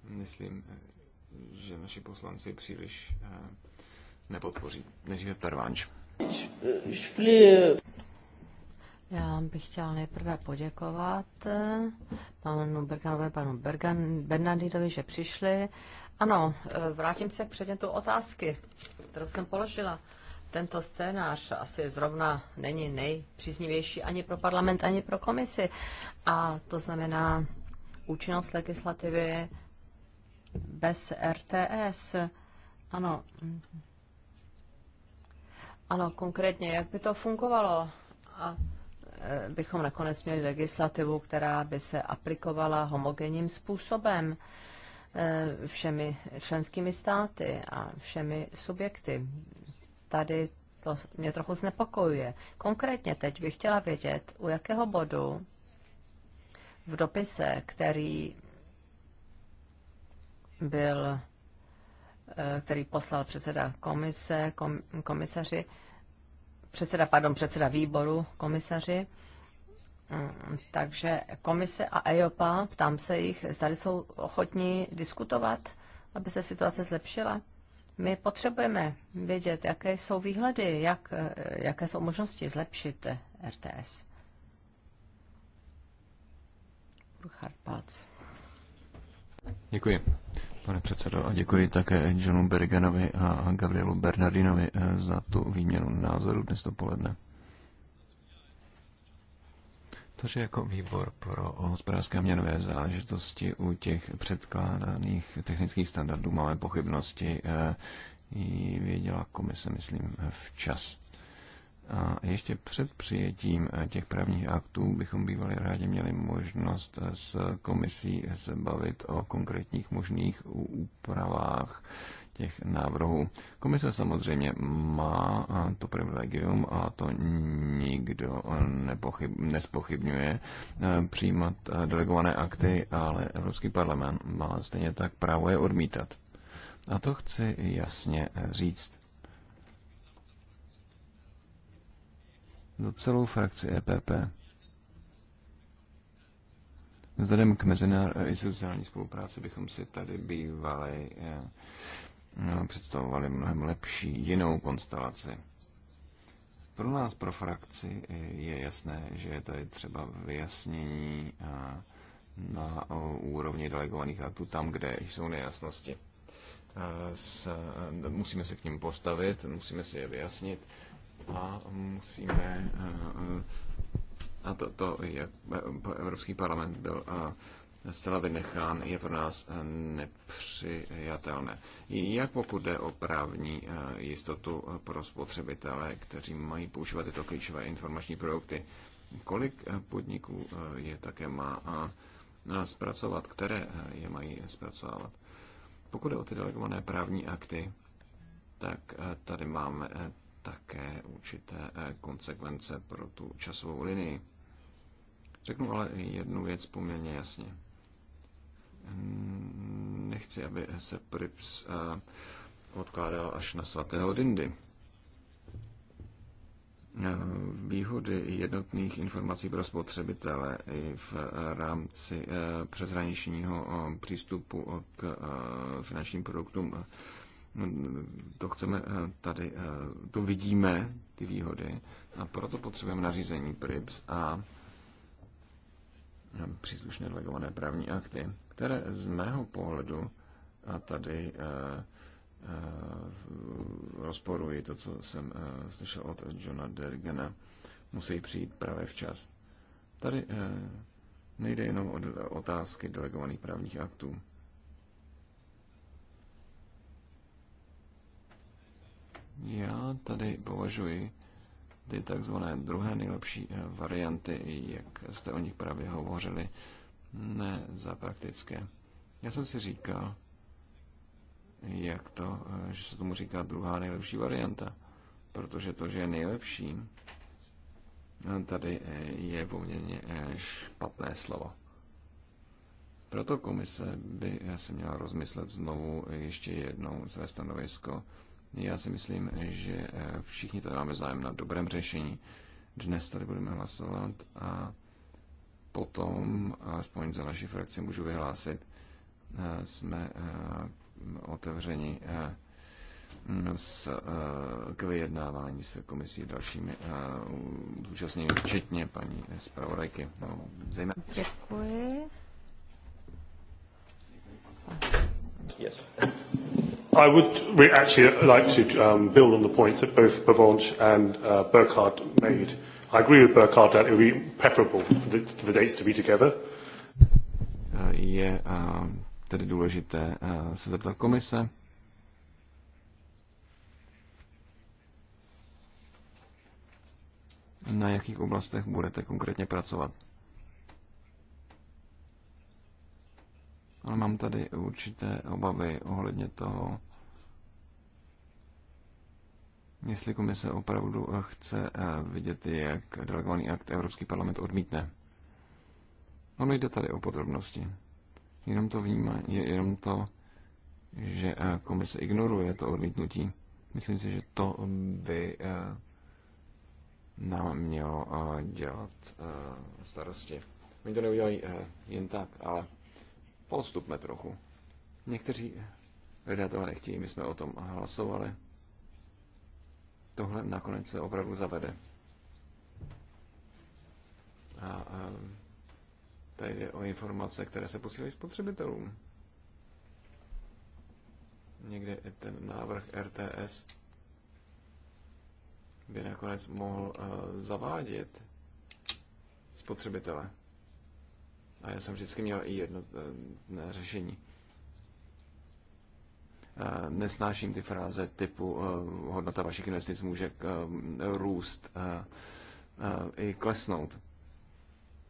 myslím, že naši poslanci příliš eh, nepodpoří. Nejdříve Pervánč. Já bych chtěla nejprve poděkovat eh, panu Berganovi, panu Bergan, Bernardinovi, že přišli. Ano, eh, vrátím se k předmětu otázky, kterou jsem položila tento scénář asi zrovna není nejpříznivější ani pro parlament, ani pro komisi. A to znamená účinnost legislativy bez RTS. Ano. Ano, konkrétně, jak by to fungovalo? A e, bychom nakonec měli legislativu, která by se aplikovala homogenním způsobem e, všemi členskými státy a všemi subjekty tady to mě trochu znepokojuje. Konkrétně teď bych chtěla vědět, u jakého bodu v dopise, který byl, eh, který poslal předseda komise, kom, komisaři, předseda, pardon, předseda výboru komisaři, mm, takže komise a EOPA, ptám se jich, zda jsou ochotní diskutovat, aby se situace zlepšila. My potřebujeme vědět, jaké jsou výhledy, jak, jaké jsou možnosti zlepšit RTS. Burkhard Palc. Děkuji, pane předsedo, a děkuji také Johnu Bergenovi a Gabrielu Bernardinovi eh, za tu výměnu názoru dnes dopoledne je jako výbor pro hospodářské měnové záležitosti u těch předkládaných technických standardů máme pochybnosti. Eh, ji věděla komise, myslím, včas. A ještě před přijetím eh, těch právních aktů bychom bývali rádi měli možnost eh, s komisí se bavit o konkrétních možných úpravách těch návrhů. Komise samozřejmě má to privilegium a to nikdo nepochyb, nespochybňuje přijímat delegované akty, ale Evropský parlament má stejně tak právo je odmítat. A to chci jasně e, říct. Za celou frakci EPP. Vzhledem k mezinárodní sociální spolupráci bychom si tady bývali e, představovali mnohem lepší jinou konstelaci. Pro nás, pro frakci, je jasné, že je tady třeba vyjasnění na úrovni delegovaných aktů tam, kde jsou nejasnosti. S, musíme se k ním postavit, musíme si je vyjasnit a musíme a to, to jak e, Evropský parlament byl a zcela vynechán, je pro nás eh, nepřijatelné. Jak pokud jde o právní eh, jistotu eh, pro spotřebitele, kteří mají používat tyto klíčové informační produkty, kolik podniků je také má a zpracovat, které je mají zpracovávat. Pokud jde o ty delegované právní akty, tak tady máme také určité konsekvence pro tu časovou linii. Řeknu ale jednu věc poměrně jasně nechci, aby se Prips eh, odkládal až na svatého Dindy. Eh, výhody jednotných informací pro spotřebitele i v rámci eh, přeshraničního přístupu k finančním produktům, to chceme tady, to vidíme, ty výhody, a proto potřebujeme nařízení PRIPS a příslušné delegované právní akty které z mého pohledu, a tady eh, eh, rozporuji to, co jsem eh, slyšel od Johna Dergena, musí přijít právě včas. Tady nejde jenom o otázky delegovaných právních aktů. Já tady považuji ty takzvané druhé nejlepší varianty, jak jste o nich právě hovořili, ne za praktické. Já jsem si říkal, jak to, eh, že se tomu říká druhá nejlepší varianta, protože to, že je nejlepší, eh, tady eh, je poměrně špatné slovo. Proto komise by se měla rozmyslet znovu ještě jednou své stanovisko. Já si myslím, že všichni tady máme zájem na dobrém řešení. Dnes tady budeme hlasovat a potom, aspoň za naši frakci můžu vyhlásit, eh, jsme eh, otevřeni eh, s, k vyjednávání se komisí dalšími zúčastněnými, včetně paní zpravodajky. No, Děkuji. Yes. I would actually like to um, build on the points that both Bavonch and uh, Burkhardt made. I agree with Burkhard that it would be preferable for the, for the dates to be together. Eh, je eh, tedy důležité eh, se zeptat komise. Na jakých oblastech budete konkrétně pracovat? Ale mám tady určité obavy ohledně toho, jestli komise opravdu eh, chce eh, vidět, jak delegovaný akt Evropský parlament odmítne. Ono jde tady o podrobnosti. Jenom to vnímá, je jenom to, že eh, komise ignoruje to odmítnutí. Myslím si, že to by nám mělo dělat starosti. Oni to neudělají jen tak, ale postupme trochu. Někteří lidé toho nechtějí, my jsme o tom hlasovali tohle nakonec se opravdu zavede. A, a tady jde o informace, které se posílají spotřebitelům. Někde ten návrh RTS by nakonec mohl uh, zavádět spotřebitele. A já jsem vždycky měl i jedno uh, řešení. Eh, nesnáším ty fráze typu eh, hodnota vašich investic může eh, růst i klesnout.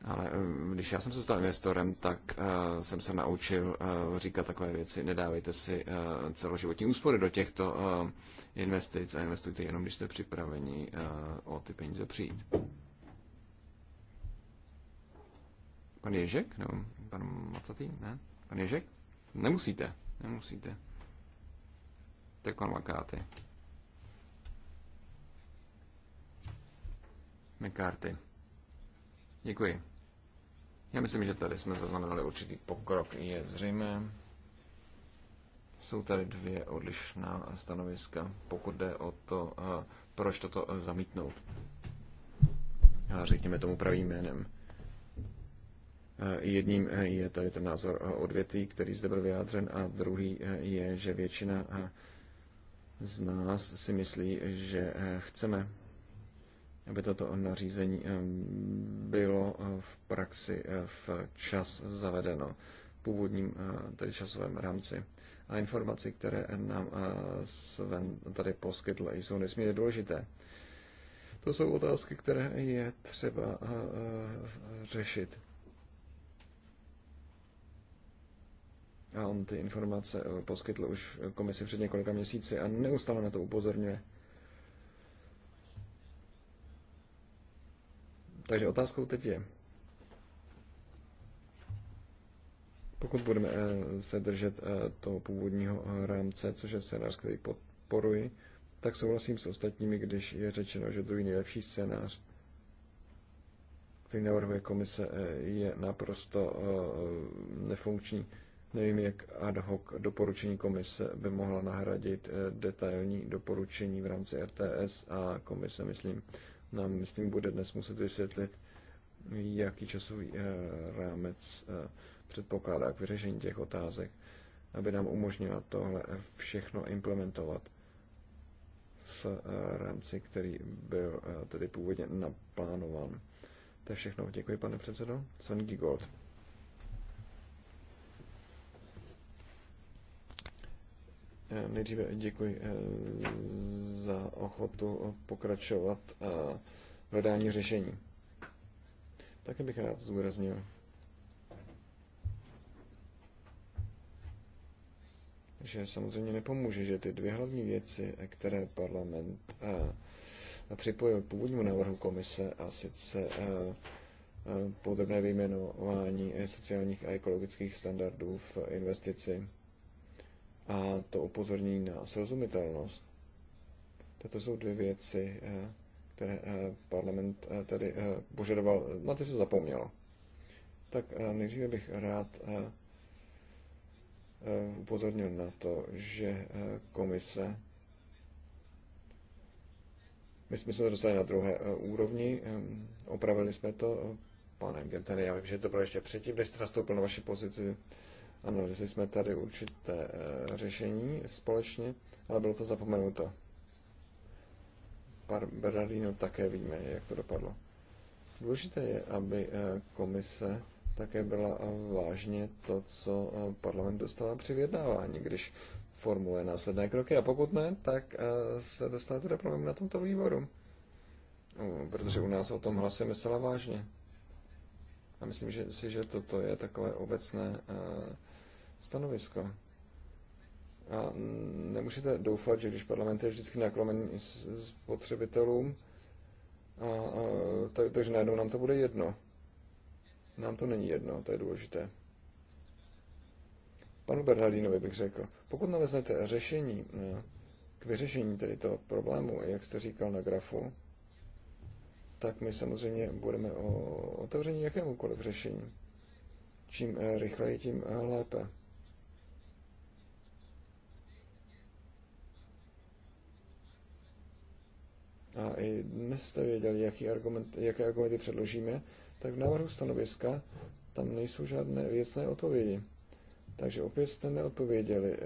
Ale když já jsem se stal investorem, tak uh, jsem se naučil uh, říkat takové věci. Nedávejte si uh, celoživotní úspory do těchto uh, investic a investujte jenom, když jste připraveni uh, o ty peníze přijít. Pan Ježek? Nebo pan Macatý? Ne? Pan Ježek? Nemusíte. Nemusíte. Tekon Makáty. McCarthy. Děkuji. Já myslím, že tady jsme zaznamenali určitý pokrok, je zřejmé. Jsou tady dvě odlišná stanoviska, pokud jde o to, eh, proč toto zamítnout. A řekněme tomu pravým jménem. Eh, jedním eh, je tady ten názor odvětví, který zde byl vyjádřen, a druhý je, že většina z nás si myslí, že eh, chceme, aby toto nařízení eh, bylo eh, v praxi v čas zavedeno v původním tedy časovém rámci. A informace, které nám Sven tady poskytl, jsou nesmírně důležité. To jsou otázky, které je třeba řešit. A on ty informace eh, poskytl už komisi před několika měsíci a neustále na to upozorňuje. Takže otázkou teď je, pokud budeme eh, se držet eh, toho původního rámce, což je scénář, který podporuji, tak souhlasím s ostatními, když je řečeno, že druhý nejlepší scénář, který navrhuje komise, je naprosto nefunkční. Nevím, jak ad hoc doporučení komise by mohla nahradit eh, detailní doporučení v rámci RTS a komise, myslím, nám, myslím, bude dnes muset vysvětlit, jaký časový eh, rámec eh, předpokládá k vyřešení těch otázek, aby nám umožnila tohle všechno implementovat v rámci, který byl tedy původně naplánován. To je všechno. Děkuji, pane předsedo. Sven Gigold. Nejdříve děkuji eh, za ochotu pokračovat eh, v hledání řešení. Také bych rád zdůraznil, že samozřejmě nepomůže, že ty dvě hlavní věci, které parlament eh, připojil k původnímu návrhu komise, a sice podrobné vyjmenování sociálních a ekologických standardů v investici a to upozornění na srozumitelnost. Tato jsou dvě věci, eh, které eh, parlament eh, tedy požadoval, na ty se zapomnělo. Tak nejdříve bych rád upozornil na to, že komise my jsme to dostali na druhé úrovni, opravili jsme to. Pane Gentene, já vím, že to bylo ještě předtím, než jste nastoupil na vaši pozici. Analyzovali jsme tady určité eh, řešení společně, ale bylo to zapomenuto. Par Bernardino také víme, jak to dopadlo. Důležité je, aby eh, komise také byla eh, vážně to, co parlament dostává při vyjednávání, když formuluje následné kroky. A pokud ne, tak se dostáváte do problém na tomto výboru. Protože u nás o tom hlasujeme zcela vážně. A myslím že si, že toto je takové obecné stanoviska. A nemůžete doufat, že když parlament je vždycky naklomen spotřebitelům, a, a, tak, takže najednou nám to bude jedno. Nám to není jedno, to je důležité. Panu Bernardinovi bych řekl, pokud naleznete řešení eh, k vyřešení tedy toho problému, jak jste říkal na grafu, tak my samozřejmě budeme o otevření jakémukoliv řešení. Čím eh, rychleji, tím eh, lépe. a i dnes jste věděli, jaký argument, jaké argumenty předložíme, tak v návrhu stanoviska tam nejsou žádné věcné odpovědi. Takže opět jste neodpověděli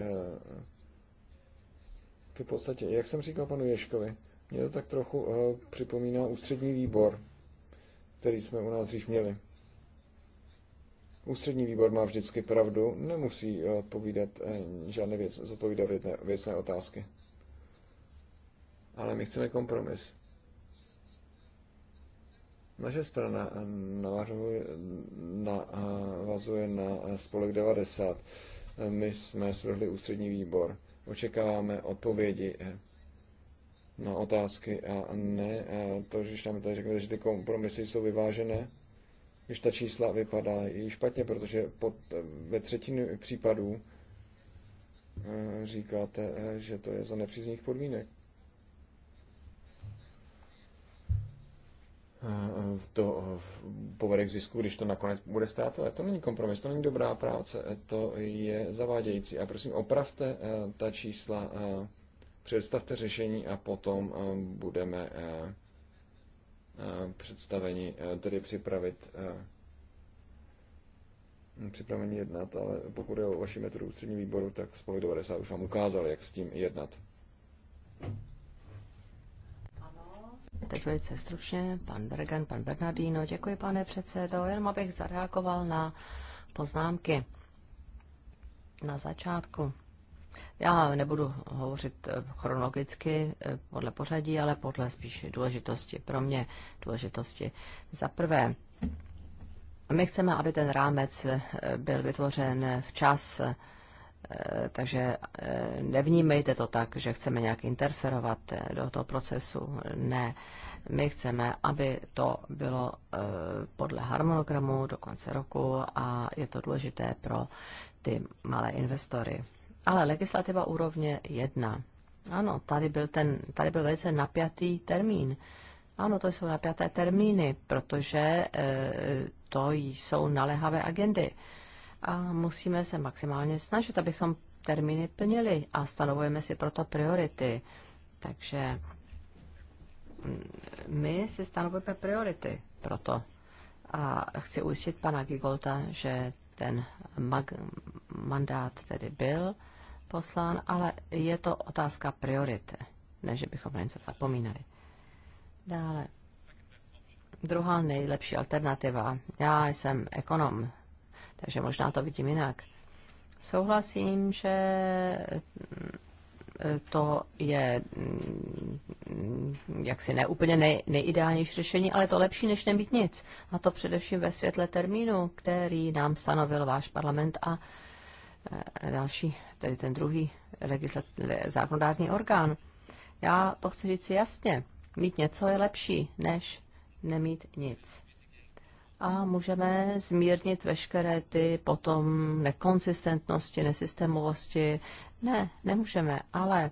k eh, podstatě. Jak jsem říkal panu Ješkovi, mě to tak trochu eh, připomíná ústřední výbor, který jsme u nás dřív měli. Ústřední výbor má vždycky pravdu, nemusí odpovídat eh, žádné věc, zodpovídat věcné, věcné otázky ale my chceme kompromis. Naše strana navazuje na spolek 90. My jsme svrhli ústřední výbor. Očekáváme odpovědi eh, na otázky a ne eh, to, že nám tady řeknete, že ty kompromisy jsou vyvážené, když ta čísla vypadá i špatně, protože pod, ve třetinu případů eh, říkáte, že to je za nepřízných podmínek. to eh, povede k zisku, když to nakonec bude ztrátové. To není kompromis, to není dobrá práce, to je zavádějící. A prosím, opravte eh, ta čísla, eh, představte řešení a potom budeme představeni, tedy připravit připraveni jednat, ale pokud je o vaši metodu ústřední výboru, tak spolu 90 už vám ukázal, jak s tím jednat. Teď velice stručně, pan Bergen, pan Bernardino. Děkuji, pane předsedo. Jenom abych zareagoval na poznámky na začátku. Já nebudu hovořit eh, chronologicky eh, podle pořadí, ale podle spíš důležitosti, pro mě důležitosti. Za prvé, my chceme, aby ten rámec eh, byl vytvořen včas, Eh, takže eh, nevnímejte to tak, že chceme nějak interferovat eh, do toho procesu. Ne, my chceme, aby to bylo podle harmonogramu do konce roku a je to důležité pro ty malé investory. Ale legislativa úrovně jedna. Ano, tady byl, ten, tady byl velice napjatý termín. Ano, to jsou napjaté termíny, protože to jsou naléhavé agendy a musíme se maximálně snažit, abychom termíny plnili a stanovujeme si proto priority. Takže mm, my si stanovujeme priority proto. A chci ujistit pana Gigolta, že ten mandát tedy byl poslán, ale je to otázka priority, ne že bychom na něco zapomínali. Dále. Druhá nejlepší alternativa. Já jsem ekonom, takže možná to vidím jinak. Souhlasím, že mm, e, to je mm, jaksi neúplně nej, nejideálnější řešení, ale to lepší, než nemít nic. A to především ve světle termínu, který nám stanovil váš parlament a e, další, tedy ten druhý legislat, zákonodárný orgán. Já to chci říct jasně. Mít něco je lepší, než nemít nic a můžeme zmírnit veškeré ty potom nekonsistentnosti, nesystémovosti. Ne, nemůžeme, ale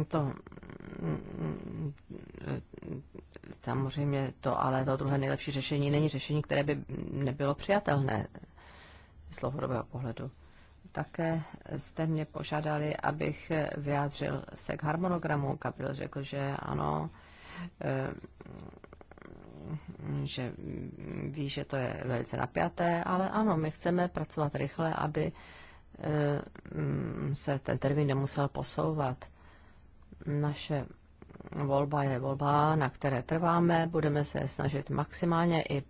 eh, to eh, samozřejmě to, ale to druhé nejlepší řešení není řešení, které by nebylo přijatelné z dlouhodobého pohledu. Také jste mě požádali, abych vyjádřil se k harmonogramu. Kapil řekl, že ano, eh, že ví, že to je velice napjaté, ale ano, my chceme pracovat rychle, aby eh, mm, se ten termín nemusel posouvat. Naše volba je volba, na které trváme. Budeme se snažit maximálně i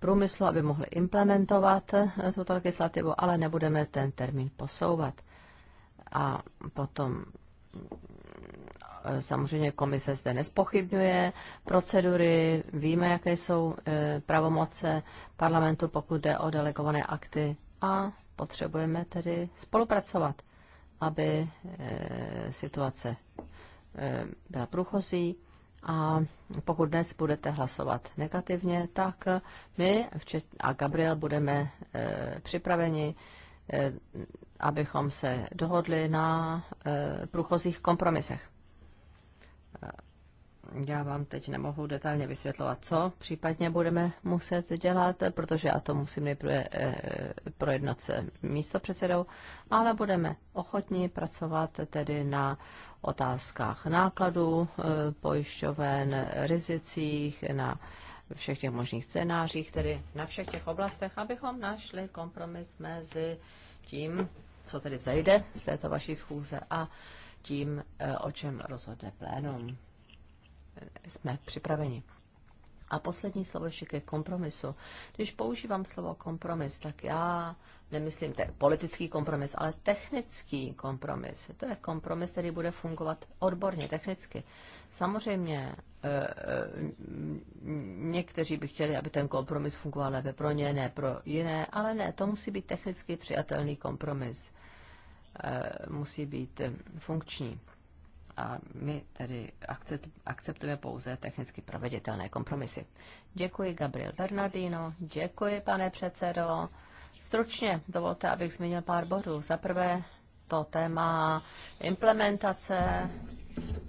průmyslu, aby mohli implementovat eh, tuto legislativu, ale nebudeme ten termín posouvat. A potom samozřejmě komise zde nespochybňuje procedury, víme, jaké jsou e, pravomoce parlamentu, pokud jde o delegované akty a potřebujeme tedy spolupracovat, aby e, situace e, byla průchozí. A pokud dnes budete hlasovat negativně, tak my a Gabriel budeme připraveni abychom se dohodli na průchozích kompromisech já vám teď nemohu detailně vysvětlovat, co případně budeme muset dělat, protože já to musím nejprve eh, projednat se místo předsedou, ale budeme ochotní pracovat tedy na otázkách nákladů, eh, pojišťoven, rizicích, na všech těch možných scénářích, tedy na všech těch oblastech, abychom našli kompromis mezi tím, co tedy zajde z této vaší schůze a tím, eh, o čem rozhodne plénum. Jsme připraveni. A poslední slovo ještě ke kompromisu. Když používám slovo kompromis, tak já nemyslím te- politický kompromis, ale technický kompromis. To je kompromis, který bude fungovat odborně, technicky. Samozřejmě eh, eh, někteří by chtěli, aby ten kompromis fungoval lépe pro ně, ne pro jiné, ale ne, to musí být technicky přijatelný kompromis. Eh, musí být funkční. A my tedy akceptujeme pouze technicky proveditelné kompromisy. Děkuji, Gabriel Bernardino. Děkuji, pane předsedo. Stručně dovolte, abych zmínil pár bodů. Za prvé to téma implementace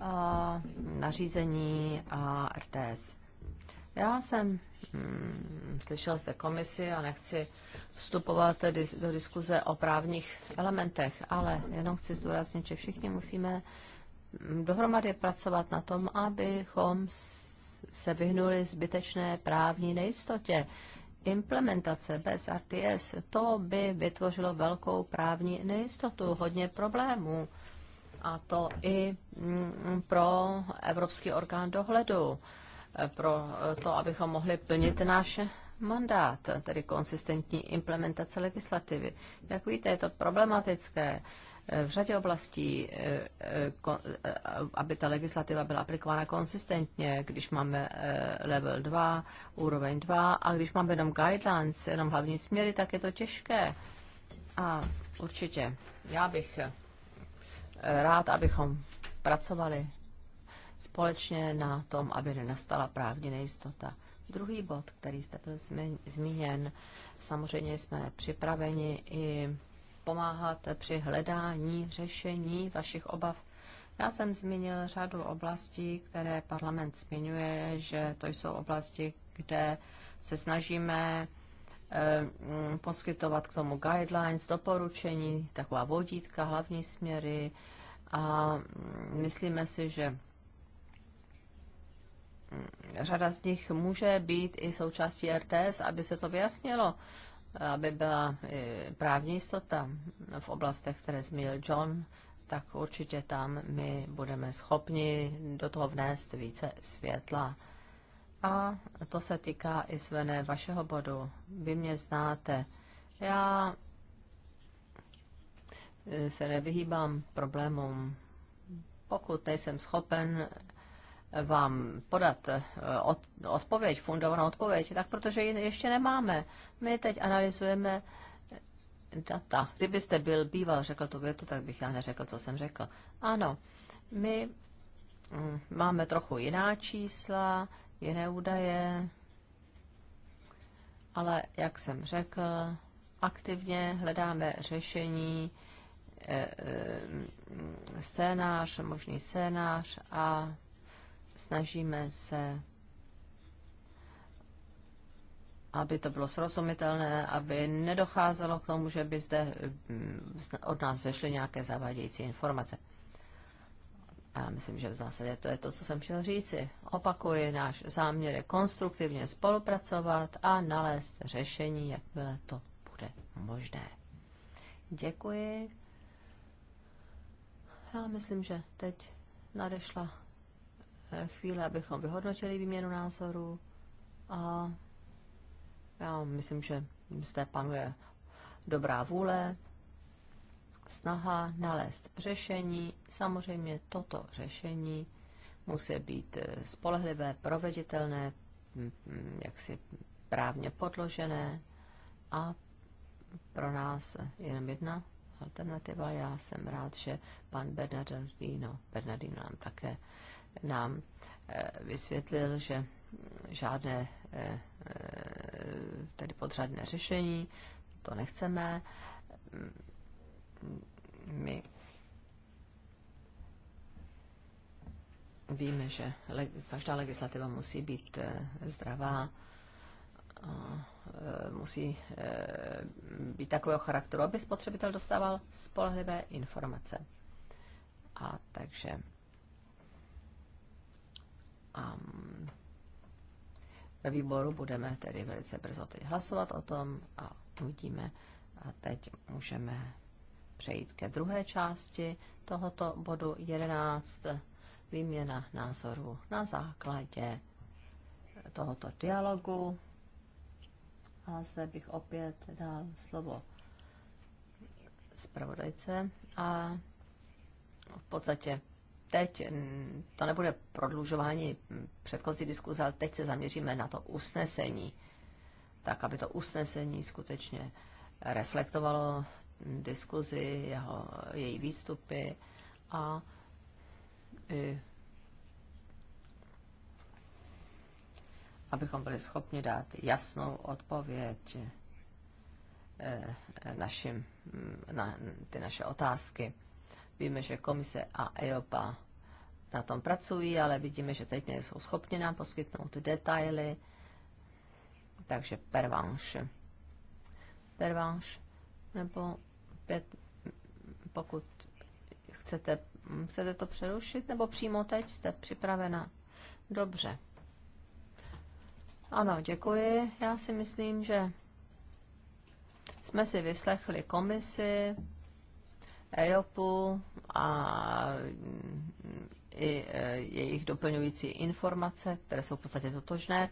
a nařízení a RTS. Já jsem hmm, slyšel jste komisi a nechci vstupovat tedy do diskuze o právních elementech, ale jenom chci zdůraznit, že všichni musíme mm, dohromady pracovat na tom, abychom se vyhnuli zbytečné právní nejistotě. Implementace bez RTS, to by vytvořilo velkou právní nejistotu, hodně problémů. A to i mm, pro Evropský orgán dohledu pro to, abychom mohli plnit náš mandát, tedy konsistentní implementace legislativy. Jak víte, je to problematické v řadě oblastí, eh, eh, eh, aby ta legislativa byla aplikována konsistentně, když máme level 2, úroveň 2 a když máme jenom guidelines, jenom hlavní směry, tak je to těžké. A určitě, já bych rád, abychom pracovali společně na tom, aby nenastala právní nejistota. Druhý bod, který jste byl zmíněn, samozřejmě jsme připraveni i pomáhat při hledání řešení vašich obav. Já jsem zmínil řadu oblastí, které parlament zmiňuje, že to jsou oblasti, kde se snažíme eh, poskytovat k tomu guidelines, doporučení, taková vodítka, hlavní směry a mm, myslíme si, že řada z nich může být i součástí RTS, aby se to vyjasnilo, aby byla právní jistota v oblastech, které zmínil John, tak určitě tam my budeme schopni do toho vnést více světla. A to se týká i Svené vašeho bodu. Vy mě znáte. Já eh, se nevyhýbám problémům. Pokud nejsem schopen vám podat eh, odpověď, fundovanou odpověď, tak protože ji ještě nemáme. My teď analyzujeme data. Kdybyste byl býval řekl tu větu, tak bych já neřekl, co jsem řekl. Ano, my mm, máme trochu jiná čísla, jiné údaje, ale jak jsem řekl, aktivně hledáme řešení, eh, eh, scénář, možný scénář a snažíme se, aby to bylo srozumitelné, aby nedocházelo k tomu, že by zde mm, od nás zešly nějaké zavádějící informace. A já myslím, že v zásadě to je to, co jsem chtěl říci. Opakuji, náš záměr je konstruktivně spolupracovat a nalézt řešení, jakmile to bude možné. Děkuji. Já myslím, že teď nadešla chvíle, abychom vyhodnotili výměnu názorů a já myslím, že zde panuje dobrá vůle, snaha nalézt řešení. Samozřejmě toto řešení musí být eh, spolehlivé, proveditelné, mm, mm, jaksi právně podložené a pro nás jenom jedna alternativa. Já jsem rád, že pan Bernardino, Bernardino nám také nám eh, vysvětlil, že žádné eh, eh, tedy podřadné řešení, to nechceme. My víme, že každá legislativa musí být zdravá, musí být takového charakteru, aby spotřebitel dostával spolehlivé informace. A takže a mm, ve výboru budeme tedy velice brzo teď hlasovat o tom a uvidíme. A teď můžeme přejít ke druhé části tohoto bodu 11. Výměna názorů na základě tohoto dialogu. A zde bych opět dal slovo zpravodajce a v podstatě teď to nebude prodlužování předchozí diskuze, ale teď se zaměříme na to usnesení, tak aby to usnesení skutečně reflektovalo diskuzi, jeho, její výstupy a i abychom byli schopni dát jasnou odpověď eh, eh, našim, mm, na ty naše otázky. Víme, že komise a EOPA na tom pracují, ale vidíme, že teď nejsou schopni nám poskytnout detaily. Takže pervanš. Pervanš nebo pět, pokud chcete, chcete to přerušit, nebo přímo teď jste připravena. Dobře. Ano, děkuji. Já si myslím, že jsme si vyslechli komisi, EOPu a mm, i e, jejich doplňující informace, které jsou v podstatě totožné.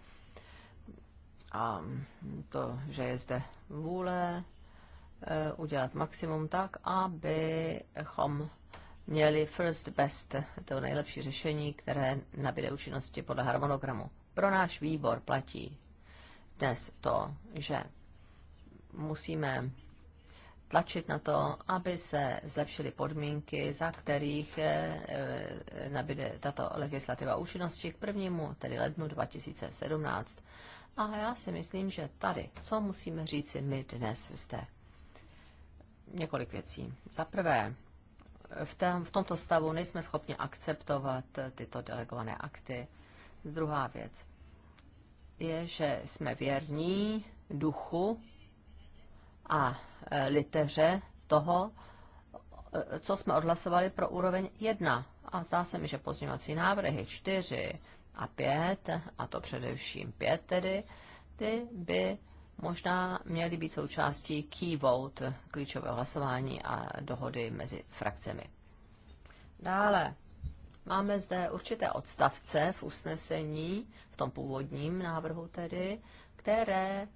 A mm, to, že je zde vůle e, udělat maximum tak, abychom měli first best, to nejlepší řešení, které nabíde účinnosti podle harmonogramu. Pro náš výbor platí dnes to, že musíme tlačit na to, aby se zlepšily podmínky, za kterých eh, eh, nabíde tato legislativa účinnosti k prvnímu, tedy lednu 2017. A já si myslím, že tady, co musíme říci my dnes zde? Několik věcí. Za prvé, v, tém, v tomto stavu nejsme schopni akceptovat tyto delegované akty. Druhá věc je, že jsme věrní duchu a e, liteře toho, e, co jsme odhlasovali pro úroveň 1. A zdá se mi, že pozměňovací návrhy 4 a 5, a to především 5 tedy, ty by možná měly být součástí key vote, klíčového hlasování a dohody mezi frakcemi. Dále máme zde určité odstavce v usnesení, v tom původním návrhu tedy, které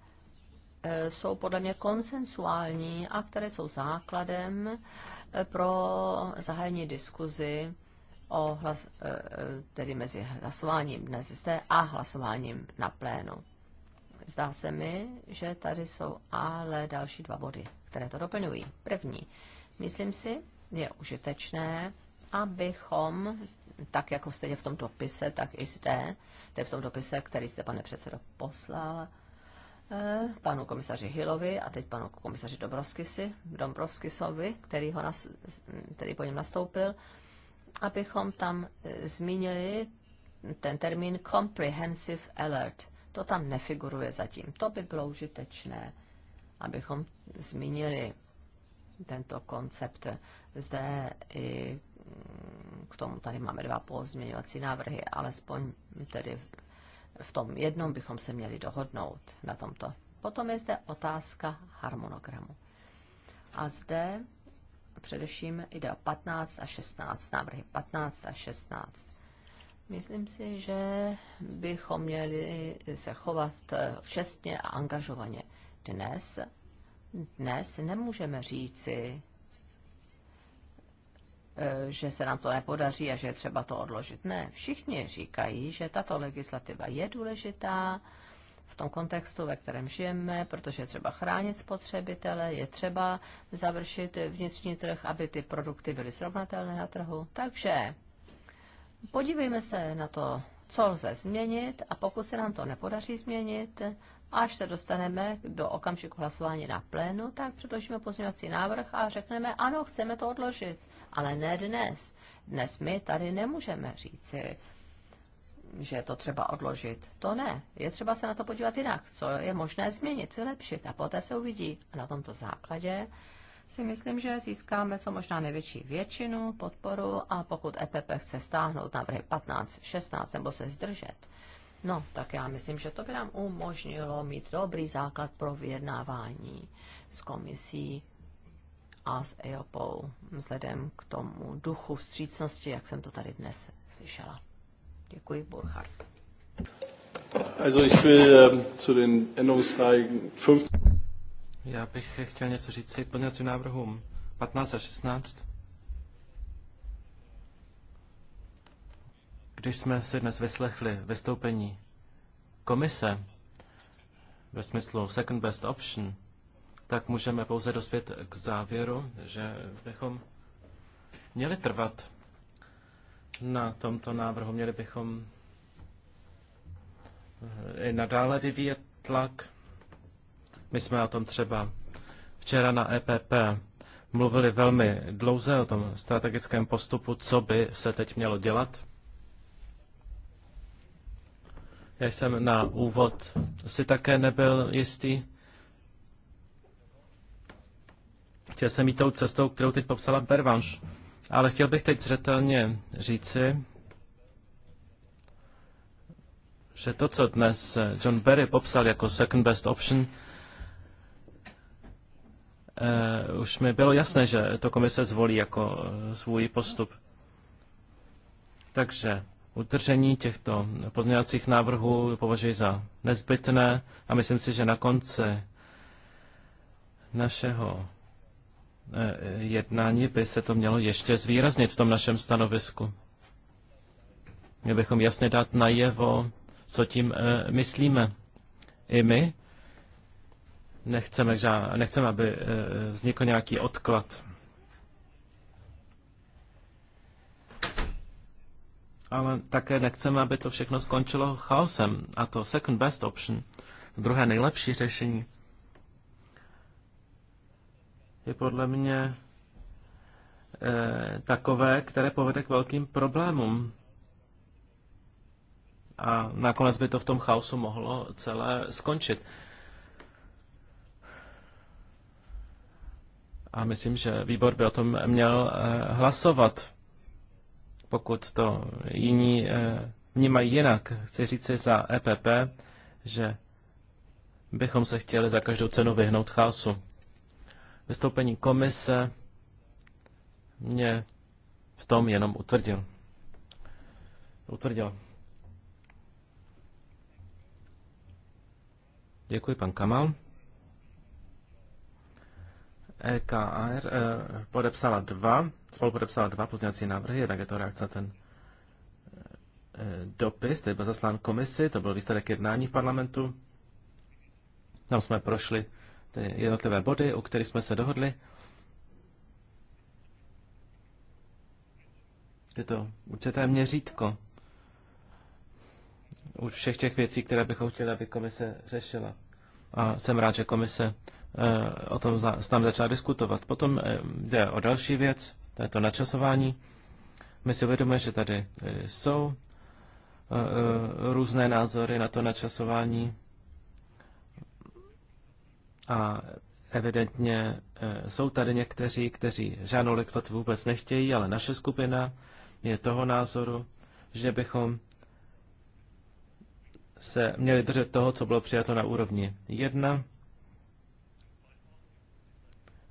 Eh, jsou podle mě konsensuální a které jsou základem eh, pro zahájení diskuzi o hlas, eh, tedy mezi hlasováním dnes jste a hlasováním na plénu. Zdá se mi, že tady jsou ale další dva body, které to doplňují. První, myslím si, je užitečné, abychom, tak jako stejně v tom dopise, tak i zde, to je v tom dopise, který jste, pane předsedo, poslal, Eh, panu komisaři Hillovi a teď panu komisaři Dobrovskisi, Dombrovskisovi, který, ho nas, který po něm nastoupil, abychom tam eh, zmínili ten termín comprehensive alert. To tam nefiguruje zatím. To by bylo užitečné, abychom zmínili tento koncept. Zde i mm, k tomu tady máme dva pozměňovací návrhy, alespoň tedy v tom jednom bychom se měli dohodnout na tomto. Potom je zde otázka harmonogramu. A zde především jde o 15 a 16, návrhy 15 a 16. Myslím si, že bychom měli se chovat eh, čestně a angažovaně. Dnes, dnes nemůžeme říci, Eh, že se nám to nepodaří a že je třeba to odložit. Ne, všichni říkají, že tato legislativa je důležitá v tom kontextu, ve kterém žijeme, protože je třeba chránit spotřebitele, je třeba završit vnitřní trh, aby ty produkty byly srovnatelné na trhu. Takže podívejme se na to, co lze změnit a pokud se nám to nepodaří změnit, až se dostaneme do okamžiku hlasování na plénu, tak předložíme pozměňovací návrh a řekneme, ano, chceme to odložit ale ne dnes. Dnes my tady nemůžeme říci, že je to třeba odložit. To ne. Je třeba se na to podívat jinak. Co je možné změnit, vylepšit a poté se uvidí. A na tomto základě si myslím, že získáme co možná největší většinu, podporu a pokud EPP chce stáhnout návrhy 15, 16 nebo se zdržet, no tak já myslím, že to by nám umožnilo mít dobrý základ pro vyjednávání s komisí a s EOPou vzhledem k tomu duchu vstřícnosti, jak jsem to tady dnes slyšela. Děkuji, Burchard. Also ich will ähm, zu den 15. Já bych chtěl něco říct si pozměňovacím návrhům 15 a 16. Když jsme si dnes vyslechli vystoupení komise ve smyslu second best option, tak můžeme pouze dospět k závěru, že bychom měli trvat na tomto návrhu, měli bychom eh, i nadále vyvíjet tlak. My jsme o tom třeba včera na EPP mluvili velmi dlouze o tom strategickém postupu, co by se teď mělo dělat. Já jsem na úvod si také nebyl jistý, Chtěl jsem jít tou cestou, kterou teď popsala Bervanš, ale chtěl bych teď zřetelně říci, že to, co dnes eh, John Berry popsal jako second best option, eh, už mi bylo jasné, že to komise zvolí jako eh, svůj postup. Takže utržení těchto pozměňovacích návrhů považuji za nezbytné a myslím si, že na konci našeho Eh, jednání by se to mělo ještě zvýraznit v tom našem stanovisku. Měli bychom jasně dát najevo, co tím eh, myslíme. I my nechceme, nechceme aby eh, vznikl nějaký odklad. Ale také nechceme, aby to všechno skončilo chaosem. A to second best option, druhé nejlepší řešení, je podle mě eh, takové, které povede k velkým problémům. A nakonec by to v tom chaosu mohlo celé skončit. A myslím, že výbor by o tom měl eh, hlasovat, pokud to jiní eh, vnímají jinak. Chci říct si za EPP, že bychom se chtěli za každou cenu vyhnout chaosu vystoupení komise mě v tom jenom utvrdil. Utvrdil. Děkuji, pan Kamal. EKR eh, podepsala dva, spolu podepsala dva pozměňovací návrhy, jednak je to reakce na ten eh, dopis, který byl zaslán komisi, to byl výsledek jednání v parlamentu. Tam jsme prošli ty jednotlivé body, u kterých jsme se dohodli. Je to určité měřítko u všech těch věcí, které bychom chtěli, aby komise řešila. A jsem rád, že komise eh, o tom s námi začala diskutovat. Potom eh, jde o další věc, to je to načasování. My si uvědomujeme, že tady eh, jsou různé názory na to načasování. A evidentně eh, jsou tady někteří, kteří žádnou legislativu vůbec nechtějí, ale naše skupina je toho názoru, že bychom se měli držet toho, co bylo přijato na úrovni 1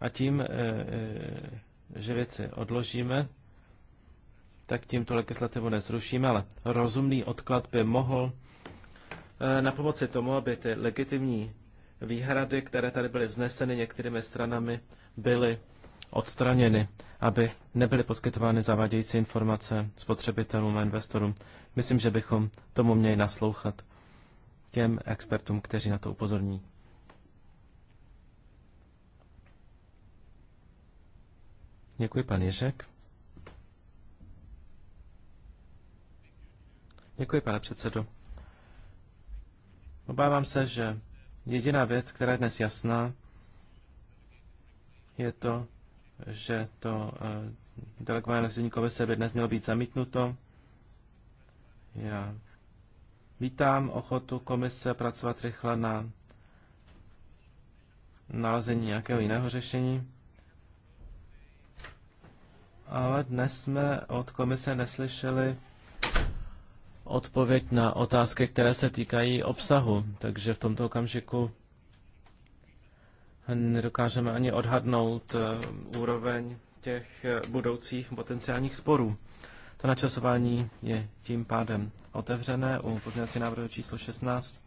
a tím, eh, eh, že věci odložíme, tak tím tu legislativu nezrušíme, ale rozumný odklad by mohl na pomoci tomu, aby ty legitimní výhrady, které tady byly vzneseny některými stranami, byly odstraněny, aby nebyly poskytovány zavádějící informace spotřebitelům a investorům. Myslím, že bychom tomu měli naslouchat těm expertům, kteří na to upozorní. Děkuji, pan Ježek. Děkuji, pane předsedo. Obávám se, že Jediná věc, která je dnes jasná, je to, že to eh, delegované nařízení komise by dnes mělo být zamítnuto. Já vítám ochotu komise pracovat rychle na nalezení nějakého jiného řešení. Ale dnes jsme od komise neslyšeli odpověď na otázky, které se týkají obsahu. Takže v tomto okamžiku nedokážeme ani odhadnout eh, úroveň těch eh, budoucích potenciálních sporů. To načasování je tím pádem otevřené u pozměňovací návrhu číslo 16.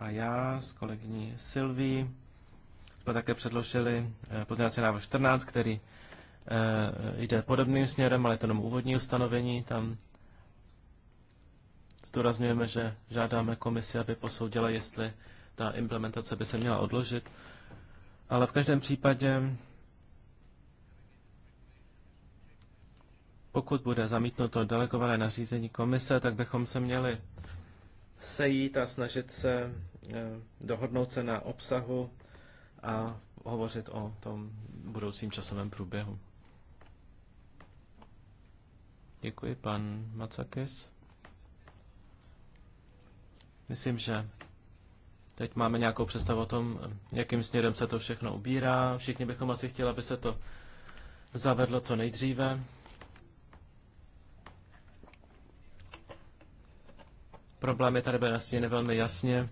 A já s kolegyní Silví jsme také předložili eh, pozměňovací návrh 14, který Eh, jde podobným směrem, ale to jenom úvodní ustanovení. Tam zdůrazňujeme, že žádáme komisi, aby posoudila, jestli ta implementace by se měla odložit. Ale v každém případě, pokud bude zamítnuto delegované nařízení komise, tak bychom se měli sejít a snažit se eh, dohodnout se na obsahu a hovořit o tom budoucím časovém průběhu. Děkuji, pan Macakis. Myslím, že teď máme nějakou představu o tom, jakým směrem se to všechno ubírá. Všichni bychom asi chtěli, aby se to zavedlo co nejdříve. Problémy tady byly nastíněny velmi jasně.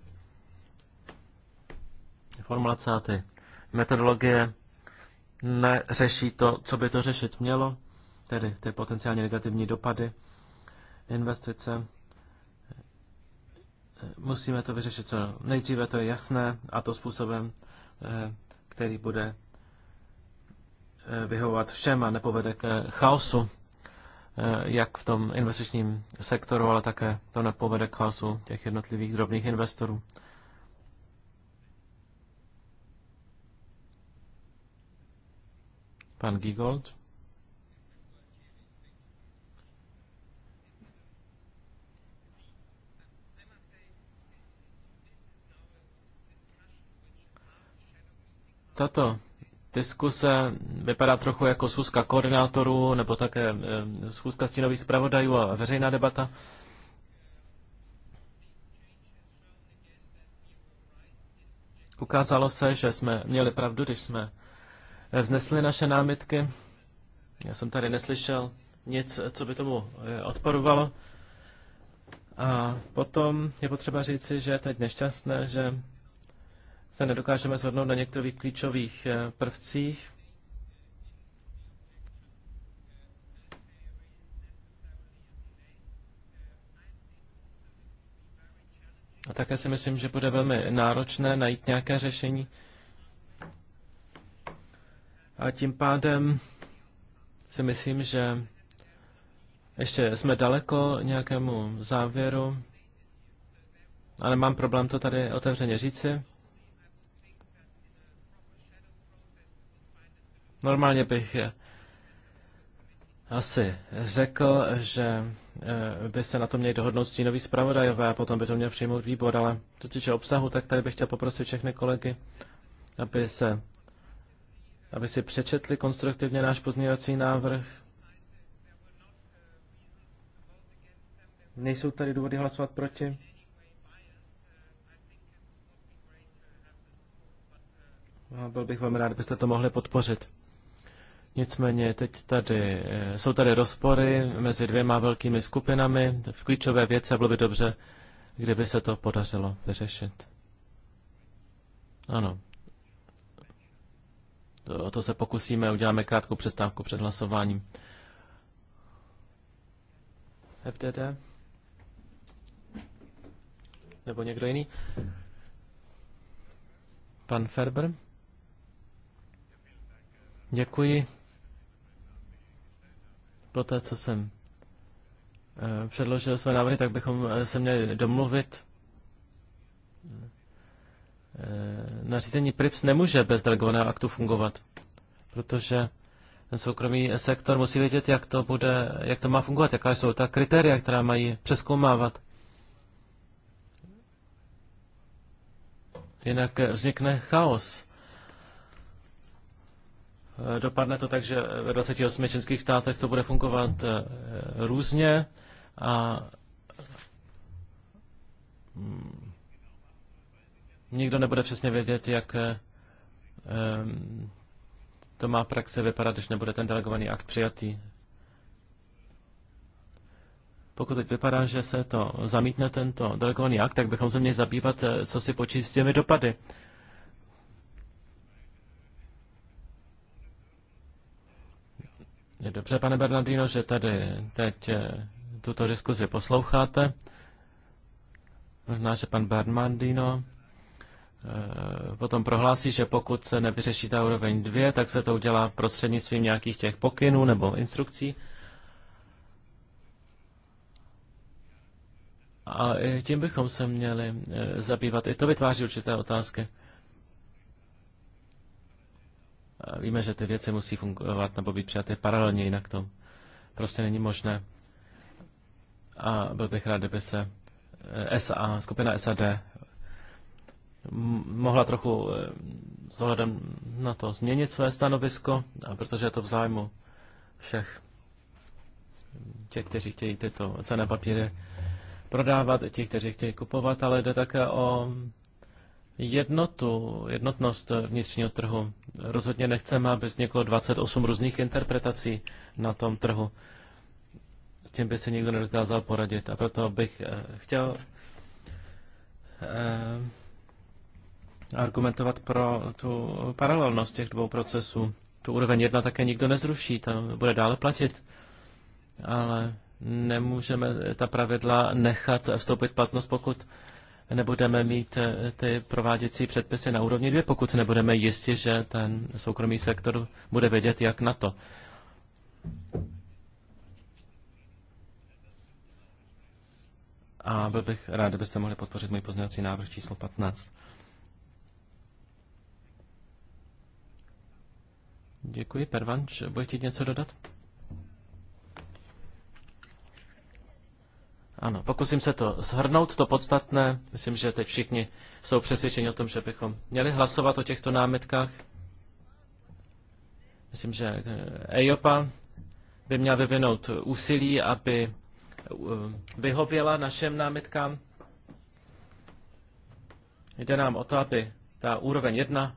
Formulace a ty metodologie neřeší to, co by to řešit mělo tedy ty potenciálně negativní dopady investice. Musíme to vyřešit co nejdříve, to je jasné, a to způsobem, eh, který bude eh, vyhovovat všem a nepovede k eh, chaosu, jak v tom investičním sektoru, ale také to nepovede k chaosu těch jednotlivých drobných investorů. Pan Gigold. Tato diskuse vypadá trochu jako schůzka koordinátorů nebo také eh, schůzka stínových zpravodajů a veřejná debata. Ukázalo se, že jsme měli pravdu, když jsme vznesli naše námitky. Já jsem tady neslyšel nic, co by tomu eh, odporovalo. A potom je potřeba říci, že je teď nešťastné, že se nedokážeme zhodnout na některých klíčových eh, prvcích. A také si myslím, že bude velmi náročné najít nějaké řešení. A tím pádem si myslím, že ještě jsme daleko nějakému závěru, ale mám problém to tady otevřeně říci. Normálně bych eh, asi řekl, že eh, by se na to měli dohodnout stínoví zpravodajové a potom by to měl přijmout výbor, ale co týče obsahu, tak tady bych chtěl poprosit všechny kolegy, aby se aby si přečetli konstruktivně náš pozměňovací návrh. Nejsou tady důvody hlasovat proti? No, byl bych velmi rád, byste to mohli podpořit. Nicméně teď tady, eh, jsou tady rozpory mezi dvěma velkými skupinami v klíčové věci bylo by dobře, kdyby se to podařilo vyřešit. Ano. To, to se pokusíme, uděláme krátkou přestávku před hlasováním. FDD? Nebo někdo jiný? Pan Ferber? Děkuji po té, co jsem eh, předložil své návrhy, tak bychom eh, se měli domluvit. Eh, nařízení PRIPS nemůže bez delegovaného aktu fungovat, protože ten soukromý sektor musí vědět, jak to, bude, jak to má fungovat, jaká jsou ta kritéria, která mají přeskoumávat. Jinak vznikne chaos. Eh, dopadne to tak, že ve 28 členských státech to bude fungovat eh, různě a mm, nikdo nebude přesně vědět, jak eh, to má praxe vypadat, když nebude ten delegovaný akt přijatý. Pokud teď vypadá, že se to zamítne, tento delegovaný akt, tak bychom se měli zabývat, co si počít s těmi dopady. Je dobře, pane Bernardino, že tady teď eh, tuto diskuzi posloucháte. Možná, že pan Bernardino eh, potom prohlásí, že pokud se nevyřeší ta úroveň 2, tak se to udělá prostřednictvím nějakých těch pokynů nebo instrukcí. A tím bychom se měli eh, zabývat. I to vytváří určité otázky. Víme, že ty věci musí fungovat nebo být přijaté paralelně, jinak to prostě není možné. A byl bych rád, kdyby se eh, SA, skupina SAD mohla trochu eh, s ohledem na to změnit své stanovisko, protože je to v zájmu všech těch, kteří chtějí tyto cené papíry prodávat, těch, kteří chtějí kupovat, ale jde také o jednotu, jednotnost vnitřního trhu. Rozhodně nechceme, aby vzniklo 28 různých interpretací na tom trhu. S tím by se nikdo nedokázal poradit. A proto bych eh, chtěl eh, argumentovat pro tu paralelnost těch dvou procesů. Tu úroveň jedna také nikdo nezruší, tam bude dále platit. Ale nemůžeme ta pravidla nechat vstoupit platnost, pokud nebudeme mít eh, ty prováděcí předpisy na úrovni dvě, pokud nebudeme jistí, že ten soukromý sektor bude vědět, jak na to. A byl bych rád, kdybyste mohli podpořit můj pozměňovací návrh číslo 15. Děkuji. Pervanč, budete něco dodat? Ano, pokusím se to shrnout, to podstatné. Myslím, že teď všichni jsou přesvědčeni o tom, že bychom měli hlasovat o těchto námitkách. Myslím, že eh, EIOPA by měla vyvinout úsilí, aby eh, vyhověla našem námitkám. Jde nám o to, aby ta úroveň jedna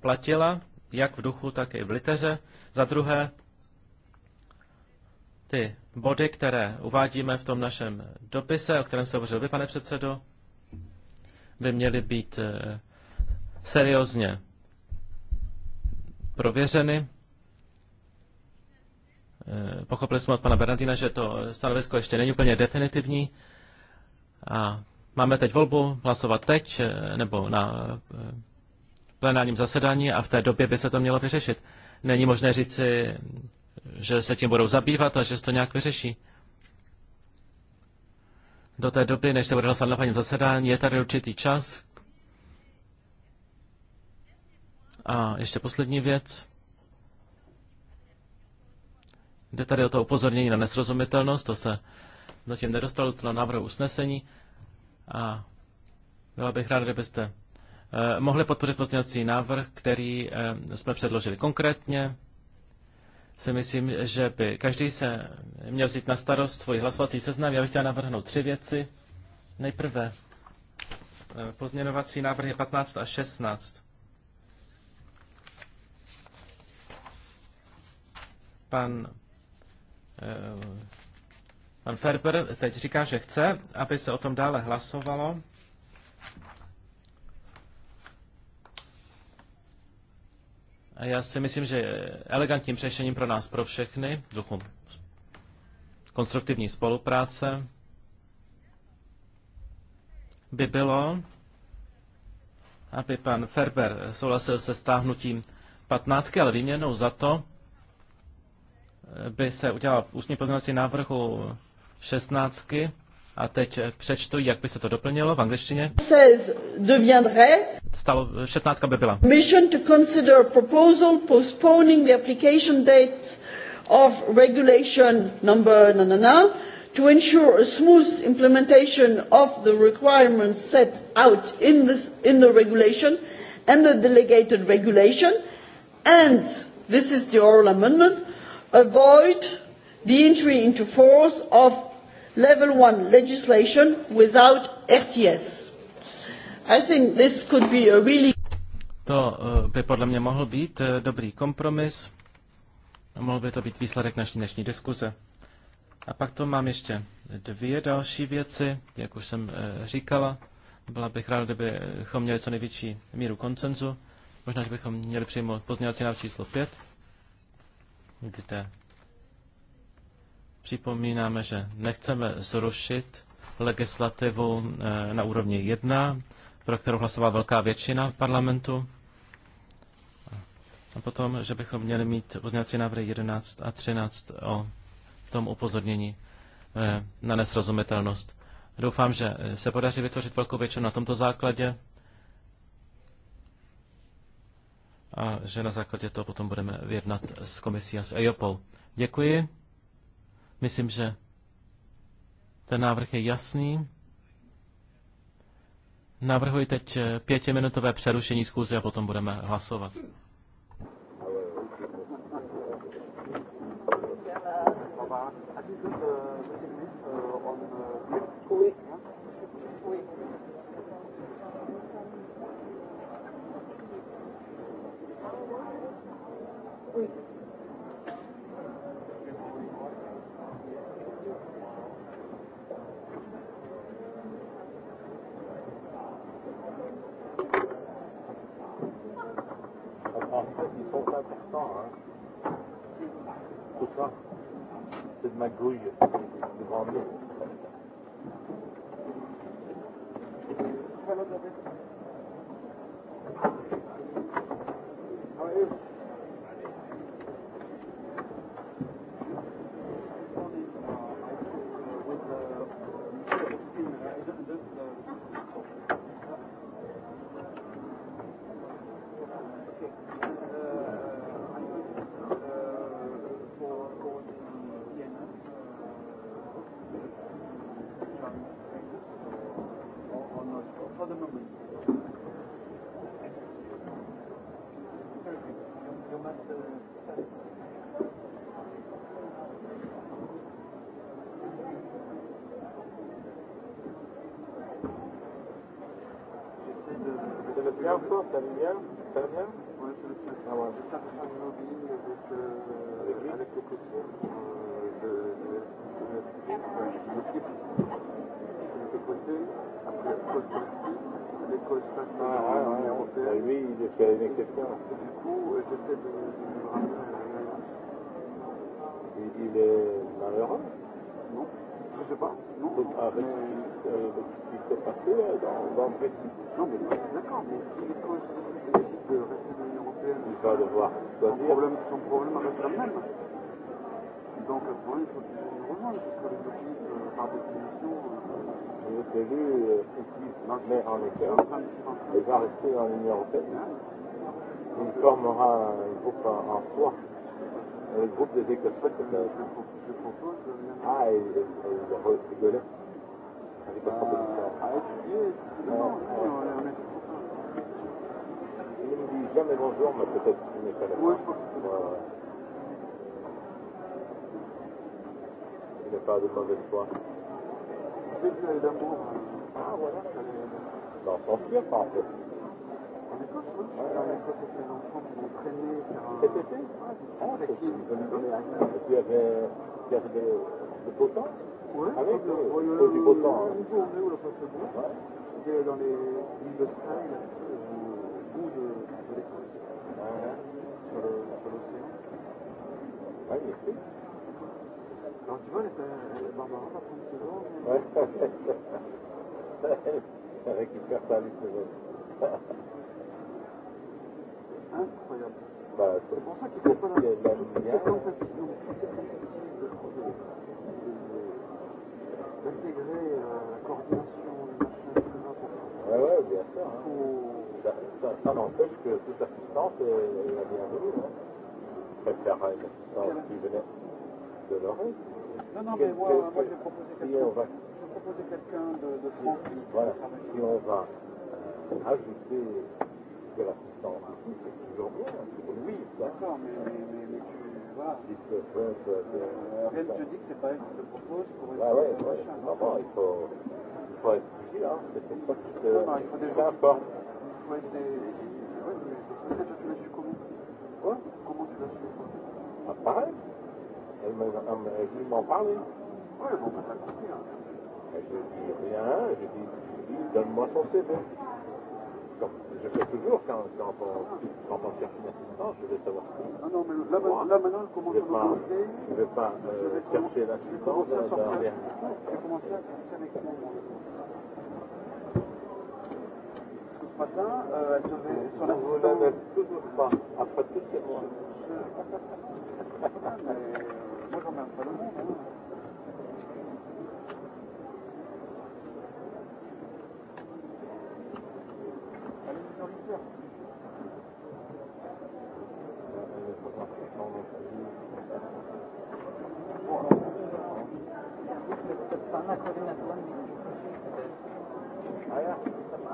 platila, jak v duchu, tak i v liteře. Za druhé, ty body, které uvádíme v tom našem dopise, o kterém se hovořil vy, pane předsedo, by měly být eh, seriózně prověřeny. Eh, pochopili jsme od pana Bernardina, že to stanovisko ještě není úplně definitivní a máme teď volbu hlasovat teď eh, nebo na plenárním zasedání a v té době by se to mělo vyřešit. Není možné říci, že se tím budou zabývat a že se to nějak vyřeší. Do té doby, než se bude hlasovat na paní zasedání, je tady určitý čas. A ještě poslední věc. Jde tady o to upozornění na nesrozumitelnost, to se zatím nedostalo na návrhu usnesení. A byla bych rád, kdybyste eh, mohli podpořit pozměňovací návrh, který eh, jsme předložili konkrétně si myslím, že by každý se měl vzít na starost svůj hlasovací seznam. Já bych chtěl navrhnout tři věci. Nejprve eh, pozměňovací návrhy 15 a 16. Pan, eh, pan Ferber teď říká, že chce, aby se o tom dále hlasovalo. A já si myslím, že elegantním řešením pro nás, pro všechny, v duchu konstruktivní spolupráce, by bylo, aby pan Ferber souhlasil se stáhnutím 15, ale výměnou za to eh, by se udělal ústní pozměňovací návrhu 16 a teď eh, přečtu, jak by se to doplnilo v angličtině. Stalo, 16 eh, by byla. Mission to consider proposal postponing the application date of regulation number na, na, na, to ensure a smooth implementation of the requirements set out in, this, in the regulation and the delegated regulation and, this is the oral amendment, avoid the entry into force of level one legislation without RTS. I think this could be a really to eh, by podle mě mohl být eh, dobrý kompromis. Mohl by to být výsledek naší dnešní diskuze. A pak tu mám ještě dvě další věci, jak už jsem eh, říkala. Byla bych rád, kdybychom měli co největší míru koncenzu. Možná, že bychom měli přijmout pozměňovací návrh číslo 5, kde Připomínáme, že nechceme zrušit legislativu eh, na úrovni 1, pro kterou hlasovala velká většina parlamentu. A potom, že bychom měli mít pozměňovací návrhy 11 a 13 o tom upozornění eh, na nesrozumitelnost. Doufám, že se podaří vytvořit velkou většinu na tomto základě a že na základě toho potom budeme vyjednat s komisí a s EIOPou. Děkuji. Myslím, že ten návrh je jasný. Navrhuji teď eh, pětiminutové přerušení schůze a potom budeme hlasovat. McGuire. ça allait bien Ça va bien Oui, ça va bien. Ah ouais. Juste après faire une lobby avec, euh, avec, lui avec les cotiers euh, de, de, de, de l'équipe. Les cotiers, après cause Brexit, les causes nationales ah, ouais, ouais, européennes. Lui, il a fait une exception. Et du coup, j'essaie de, de me ramener à la il, il est malheureux Non. Je sais pas. Non. Donc avec mais... euh, euh ce qui s'est passé euh, dans, dans le Brexit. Non, mais d'accord, mais si l'Écosse décide de rester dans l'Union Européenne, il va devoir son problème, son problème reste le même. Donc à ce moment-là, il faut qu'ils rejoignent, parce que les objectifs, euh, par définition. Euh, euh je vous ai vu, euh, mais en Écosse, il va rester dans l'Union Européenne. Il formera un groupe en, en soi, le groupe des Écossais que Hij is de grootste gulle. Heb ik dat gebeurd? Hij is Il ne dit jamais bonjour, mais peut-être qu'il n'est pas là. Oui, je pense que Il n'est pas de mauvaise foi. Avec euh, l'amour. Ah, voilà. Non, sans fuir, pas en fait. En Écosse, oui. Ouais. En Écosse, c'est les enfants qui vont traîner. Cet été Ah, c'est ça. Et puis, il y avait... C'est potent Ouais. Ah oui, le, le, du potent. Hein. Niveau où la place de bois, ouais. dans les villes de Sky, là, euh, au bout de, de l'école. Ouais. Sur l'océan. Ouais, il est Alors tu vois, elle est à Barbara, pas 36 ans. Ouais, elle récupère sa liste. Incroyable. Bah, c'est pour ça qu'il faut pas la D'intégrer euh, la coordination, c'est très important. Ouais, ouais, bien sûr. Hein. Faut... Ça, ça, ça n'empêche que toute assistance est, est la bienvenue. Hein. Je préfère une assistance qui venait de l'Orient. Non, non, mais moi, moi j'ai proposé quelqu'un va... quelqu de, de France. Voilà, si on va euh, ajouter de l'assistance. Donc, oui, d'accord, mais, mais, mais, mais tu vois, euh, euh rien ne te dit que n'est pas elle qui te propose pour être bah ouais, ouais, machin. Non, non, il faut, il faut être vigilant, c'est pour ça que non, non, il faut déjà, importe. Il faut être des... mais tu l'as su comment Quoi Comment tu l'as su Ah, pareil. Elle m'en bon, bah, compris. Hein. Je dis rien, je dis, donne-moi son CV comme je fais toujours quand, quand, quand, quand on termine un temps, je vais savoir qui. Ah non, mais là, moi, là maintenant, je commence à pas, bouger. Je ne vais pas euh, je vais chercher la suivante. Je vais commencer à sortir, je vais commencer à sortir avec moi. Ce matin, euh, elle devait, sur la Vous ne toujours pas, après tout ce mois. Je... mais moi, j'emmerde pas le monde. Hein. Libon?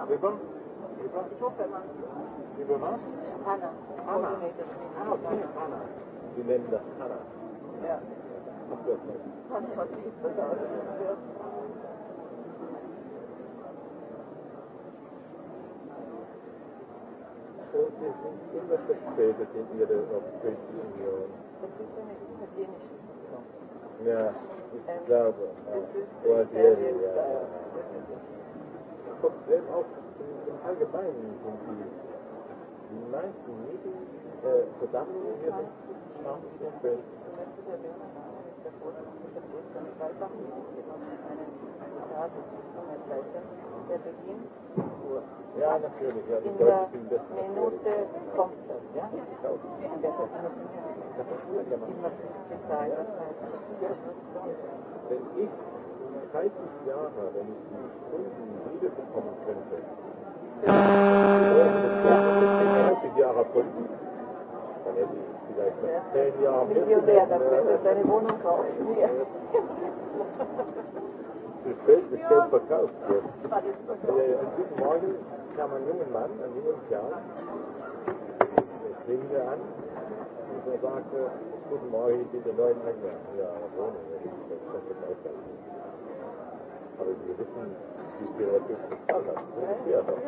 Libon? Libanon? Hannah. Hannah. Hannah, okay, Hannah. Die nennen das Hannah. Ja. Hannah, was ist das? Kinder vertretet in ihre Europäische Union. Das ist eine italienische Union. Ja, ich glaube. Guardieri, ja. Trotzdem auch im Allgemeinen sind die meisten Medien äh, Versammlungen hier sind Chancen für der Beginn Ja, natürlich. Ja, die in Deutschen sind das Minute kommt das, ja? Und das ist immer bezahlt. Wenn ich 30 Jahre, wenn ich die Stunden wiederbekommen könnte, ja. 30 Jahre Politik, dann hätte ich vielleicht noch 10 Jahre mehr. Millionär, dann könnte deine Wohnung kaufen. Gefällt, es schon verkauft werden. Äh, ja. Und guten Morgen kam ein junger Mann, ein junger Kerl, der klingelte an und er sagte, guten Morgen, ich bin der neue Angler. Ja, Wohnung, das ist das Gleiche. Aber Sie wissen, wie viel er das bezahlt hat. Das ist sehr doch.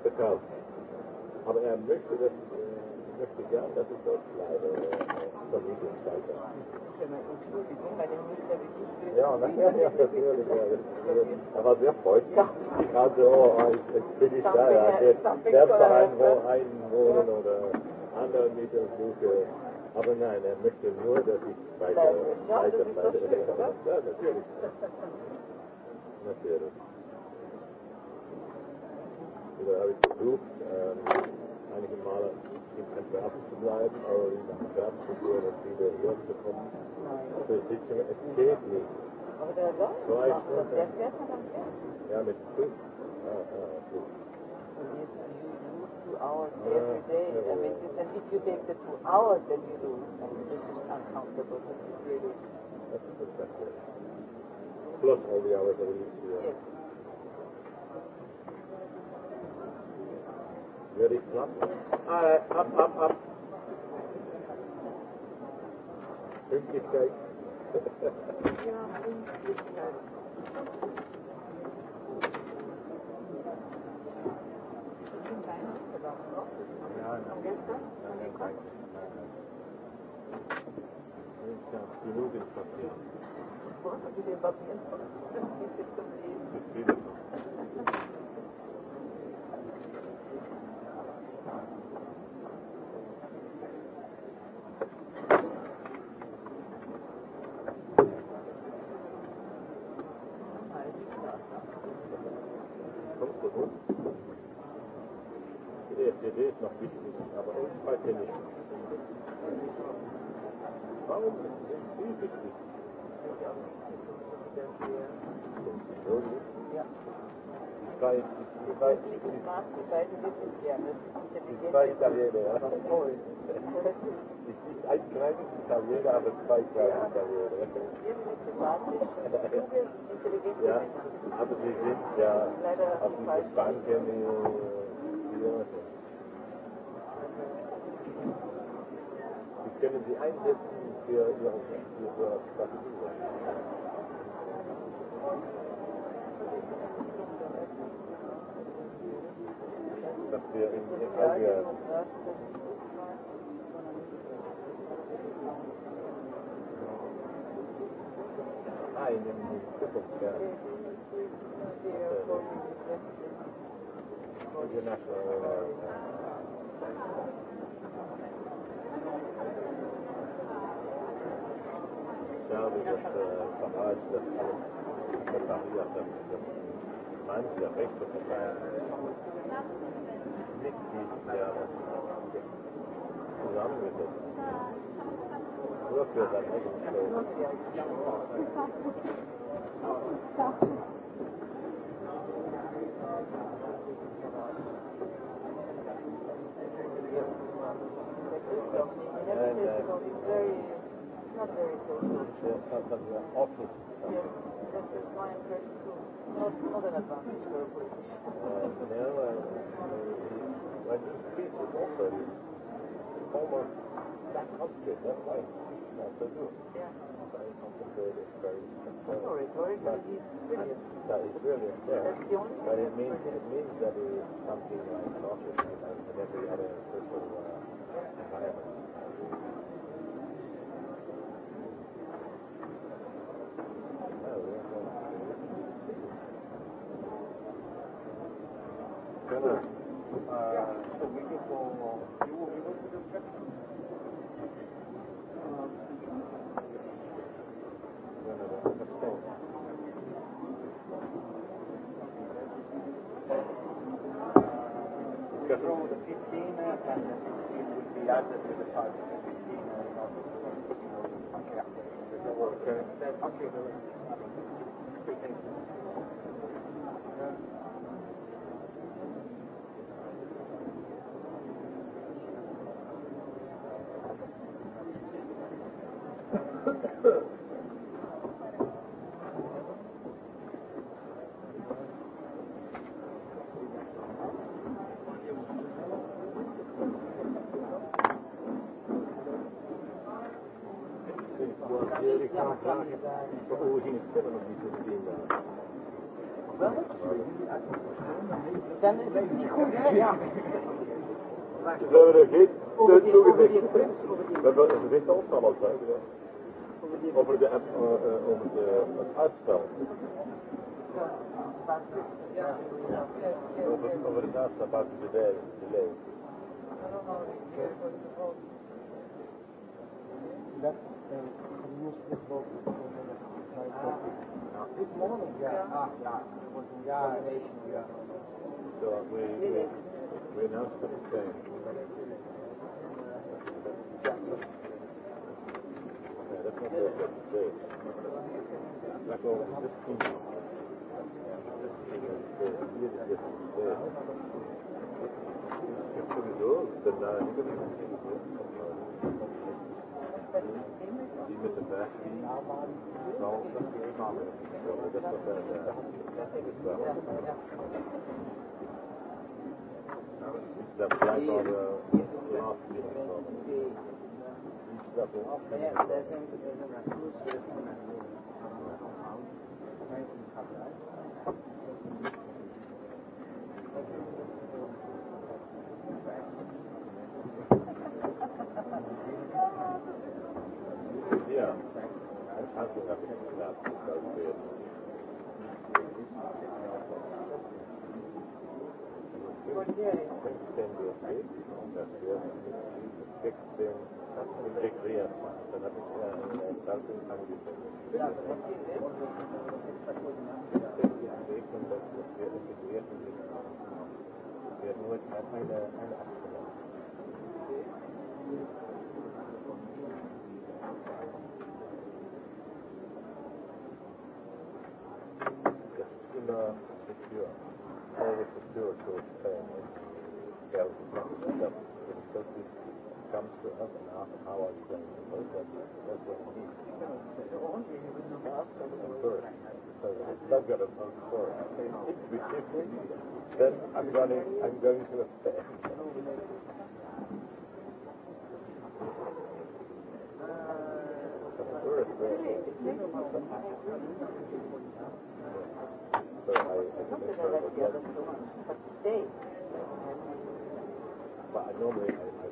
Verkauft. Aber er möchte, das, äh, möchte gern, dass ich dort bleibe. Äh, unser Lieblingsfalter. Ja, ja, natürlich. Ja. Er war sehr freundlich. Gerade so, oh, jetzt, bin ich da, ja, jetzt selbst wo einwohnen oder andere Mieter suche. Aber nein, er möchte nur, dass ich weiter, weiter, weiter. Ja, natürlich. Natürlich. Da habe ich versucht, ähm, einige Male im Verderben zu bleiben, aber in den Verderben zu gehen und wieder herzukommen. Also ich sitze, es geht nicht. Aber der Golf, Zwei der fährt man am Pferd. Ja, mit Zug. Ja, ja, Zug. hours every day. Yeah, I mean, yeah. if you take the two hours, then you lose. And this is uncomfortable. This is really. That's exactly. Plus all the hours that we used to. Uh, yes. Very snap. All right, up, up, up. Pünktlichkeit. ja, Pünktlichkeit. Ja, ja. Von gestern? Von dem Kopf? Nein, nein. Ich habe genug in Papier. Was? Hast du den Papier? zwei Italiener. Es gibt ein kleines Italiener, aber zwei kleine Italiener. ja, aber sie sind ja auf diese Banken äh, hier. Die können sie einsetzen für ihre, für ihre Strategie. wir in Alger. Ah, in dem Zukunft, ja. Your national uh, Saudi that uh, Fahad that al Mitglied der zusammengesetzt. Nur für sein eigenes And uh, not very social. Yes, not the office. Yes, that is my impression too. Not, not an advantage for a politician. uh, no, when he speaks with also almost To upset, that way. That's so good. Yeah. Very concentrated, very controlled. Sorry, sorry, that is brilliant, yeah. But it means, it means that it is something like an office, and every other social uh, environment. Dann ist es nicht gut, ne? Ja. we hebben een gezicht al al Over, de, uh, over de, het uitspel. Over, over het uitspel buiten de lijn. That's uh, This morning, yeah. Ah, yeah. It was in yeah. coordination, yeah. So we, we, we announced the change. Yeah, that's not the change. That's all. This team. This team is really different. Sowieso, denn da gibt es Die met de berging, zal dat samen komen. Dat is recreat. Ten starting Wir nur jetzt erstmal eine, eine Abstimmung. Das ist in der Tür. Always the spiritual thing. Yeah, that's, that's, that's, that's, comes to us and asks how are you going to work with That's what we need. And first, so it's not going to work first. If we then I'm running I'm going to upset. First, uh, so I, I can make But I normally I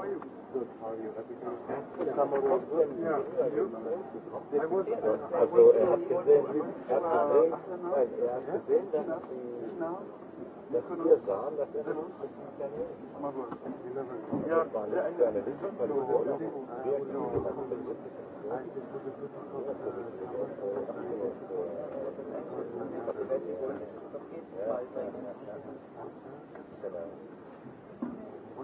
are you? Also, er hat gesehen, er hat gesehen, er hat gesehen, dass dass wir sahen, dass er Ja, eine,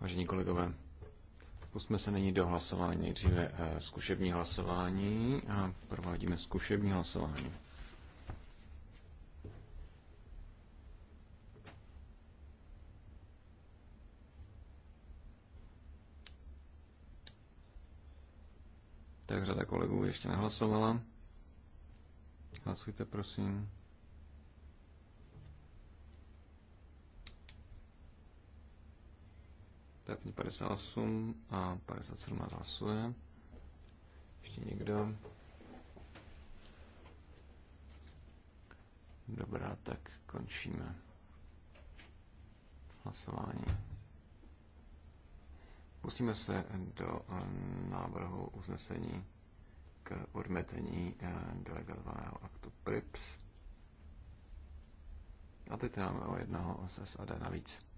Vážení kolegové, pusme se nyní do hlasování. Nejdříve eh, zkušební hlasování a provádíme zkušební hlasování. Tak řada kolegů ještě nehlasovala. Hlasujte, prosím. ostatní 58 a 57 hlasuje. Ještě někdo? Dobrá, tak končíme hlasování. Pustíme se do eh, návrhu usnesení k odmetení eh, delegovaného aktu PRIPS. A teď máme o jednoho SSAD navíc.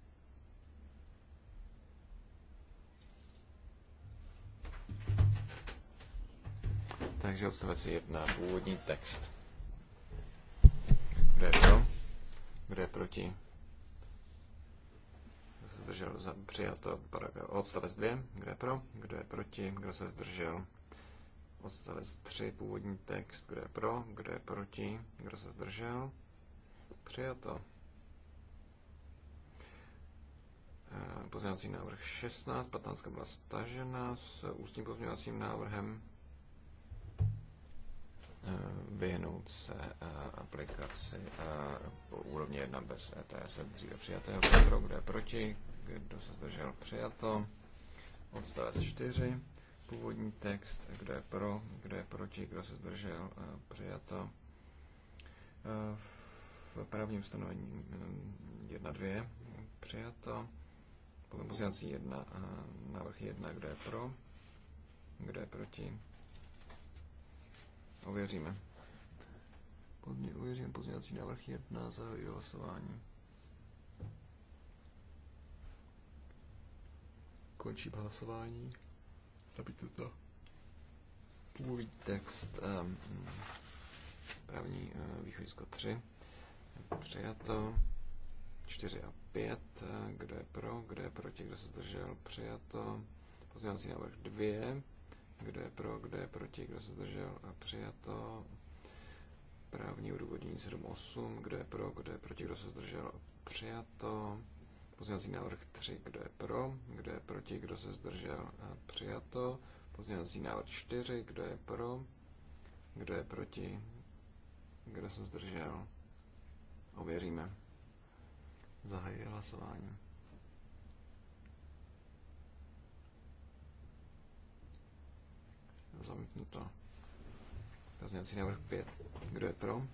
Takže odstavec 1, původní text. Kdo je pro? Kdo je proti? Kdo se zdržel? Za, přijato odstavec 2. Kdo je pro? Kdo je proti? Kdo se zdržel? Odstavec 3, původní text. Kdo je pro? Kdo je proti? Kdo se zdržel? Přijato. Eh, pozměňovací návrh 16, 15 byla stažena s ústním pozměňovacím návrhem. Eh, vyhnout se eh, aplikaci po úrovni 1 bez ETS dříve přijatého, kdo je proti, kdo se zdržel přijato, odstavec 4, původní text, kdo je pro, kdo je proti, kdo se zdržel eh, přijato, v právním stanovení 1.2 mm, přijato, potom pozdělací 1, návrh 1, kdo je pro, kdo je proti, Ověříme. Podmě, ověříme pozměňovací návrh 1 za hlasování. Končím hlasování. Zabijte to. Původní text um, právní uh, východisko 3. Přijato. 4 a 5. Eh, kdo je pro, kdo je proti, kdo se zdržel? Přijato. Pozměňovací návrh 2 kdo je pro, kdo je proti, kdo se zdržel a přijato. Právní odůvodnění 7.8. Kdo je pro, kdo je proti, kdo se zdržel a přijato. Pozměňovací návrh 3. Kdo je pro, kdo je proti, kdo se zdržel a přijato. Pozměňovací návrh 4. Kdo je pro, kdo je proti, kdo se zdržel. Ověříme. Zahajuji hlasování. Zamítnuto. Pozměňovací návrh 5. Kdo je pro?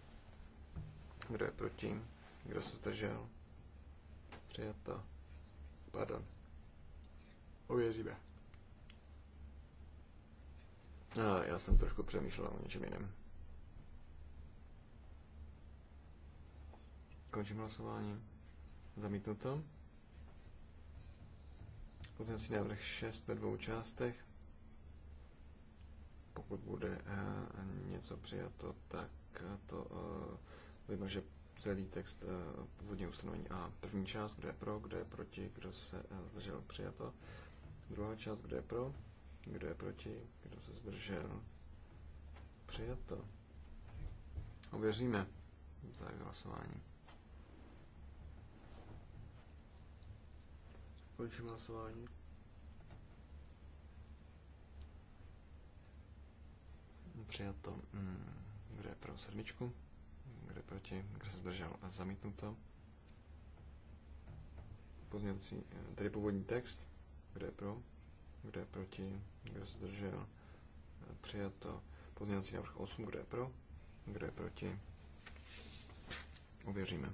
Kdo je proti? Kdo se zdržel? Přijato. Pardon. Ověříme. A no, já jsem trošku přemýšlel o něčem jiném. Končím hlasování. Zamítnuto. Pozměňovací návrh 6 ve dvou částech pokud bude eh, něco přijato, tak eh, to eh, vymaže celý text původně ustanovení A. První část, kdo je pro, kdo je proti, kdo se zdržel, přijato. Druhá část, kdo je pro, kdo je proti, kdo se zdržel, přijato. Ověříme za hlasování. Končím hlasování. přijal Přijato. Hmm, kdo je pro sedmičku? Kdo je proti? Kdo se zdržel? a Zamítnuto. Pozměnci, eh, tedy původní text. Kdo je pro? Kdo je proti? Kdo se zdržel? přijal to. Pozměnci návrh 8. Kdo je pro? Kdo je proti? Uvěříme.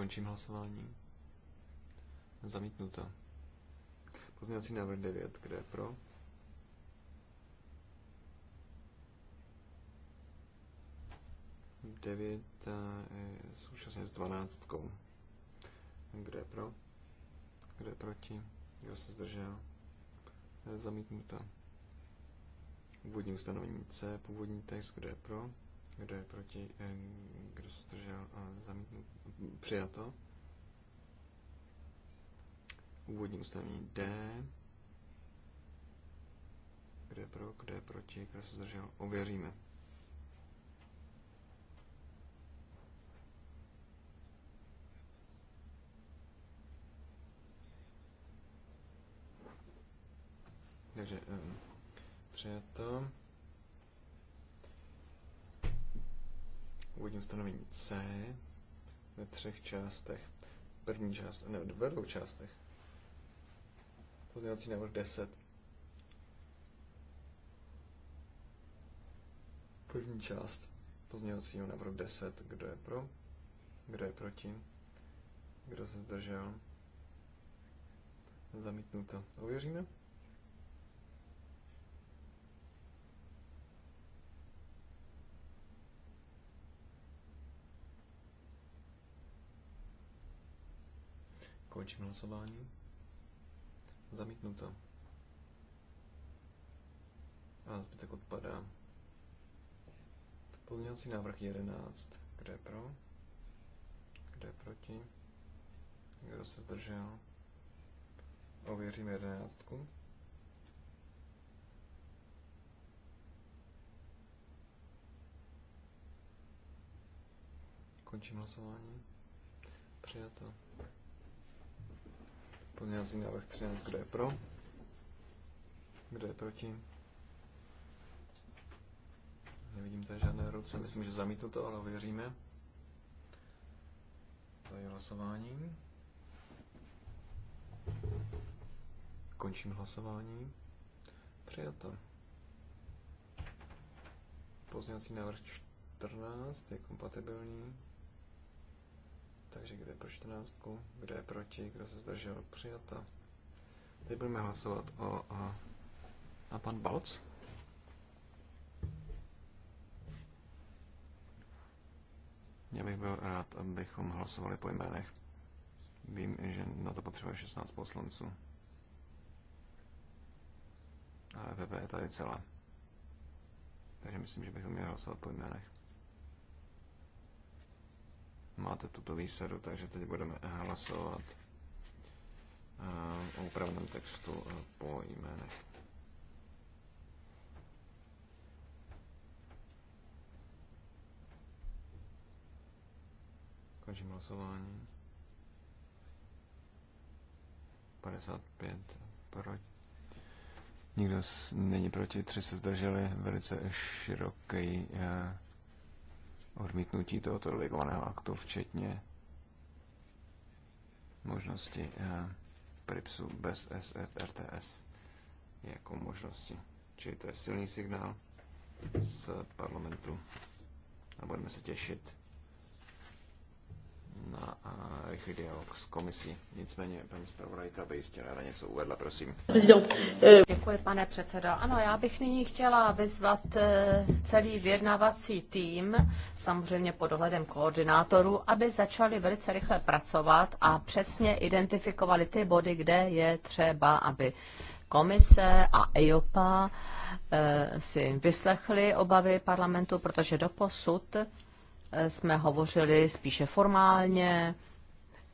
Končím hlasování. Zamítnuto. Pozměňovací návrh 9, kde je pro? Devět eh, současně s dvanáctkou. Kdo je pro? Kdo je proti? Kdo se zdržel? Zamítnuto. Původní ustanovení C, původní text, kdo je pro? Kdo je proti? Eh, kdo se zdržel? Eh, zamítnut. Přijato. Úvodní ustanovení D. Kdo je pro? Kdo je proti? Kdo se zdržel? Ověříme. Takže um, přijato. původní ustanovení C ve třech částech. První část, ne, ve dvou částech. Pozměňovací návrh 10. První část pozměňovacího návrhu 10. Kdo je pro? Kdo je proti? Kdo se zdržel? Zamítnuto. Uvěříme? Končím hlasování. Zamítnuto. A zbytek odpadá. Pozměňovací návrh 11. Kdo je pro? Kdo je proti? Kdo se zdržel? Ověříme 11. Končím hlasování. Přijato. Pozměňovací návrh 13, kdo je pro? Kdo je proti? Nevidím tady žádné ruce, myslím, že zamítnu to, ale ověříme. To je hlasování. Končím hlasování. Přijato. Pozměňovací návrh 14 je kompatibilní. Takže kdo je pro 14, kdo je proti, kdo se zdržel, přijata. Teď budeme hlasovat o... o a pan Balc? Já bych byl rád, abychom hlasovali po jménech. Vím, že na to potřebuje 16 poslanců. Ale EPP je tady celá. Takže myslím, že bychom měli hlasovat po jménech máte tuto výsadu, takže teď budeme hlasovat eh, o upraveném textu eh, po jménech. Končím hlasování. 55 proti. Nikdo není proti, tři se zdrželi, velice široký eh, odmítnutí tohoto delegovaného aktu, včetně možnosti eh, PRIPSu bez SFRTS e jako možnosti. Čili to je silný signál z parlamentu a budeme se těšit na rychlý dialog s komisí. Nicméně paní zpravodajka by jistě ráda něco uvedla, prosím. Eh, Děkuji, pane předsedo. Ano, já bych nyní chtěla vyzvat eh, celý vyjednávací tým, samozřejmě pod dohledem koordinátorů, aby začali velice rychle pracovat a přesně identifikovali ty body, kde je třeba, aby komise a EIOPA eh, si vyslechli obavy parlamentu, protože doposud posud jsme hovořili spíše formálně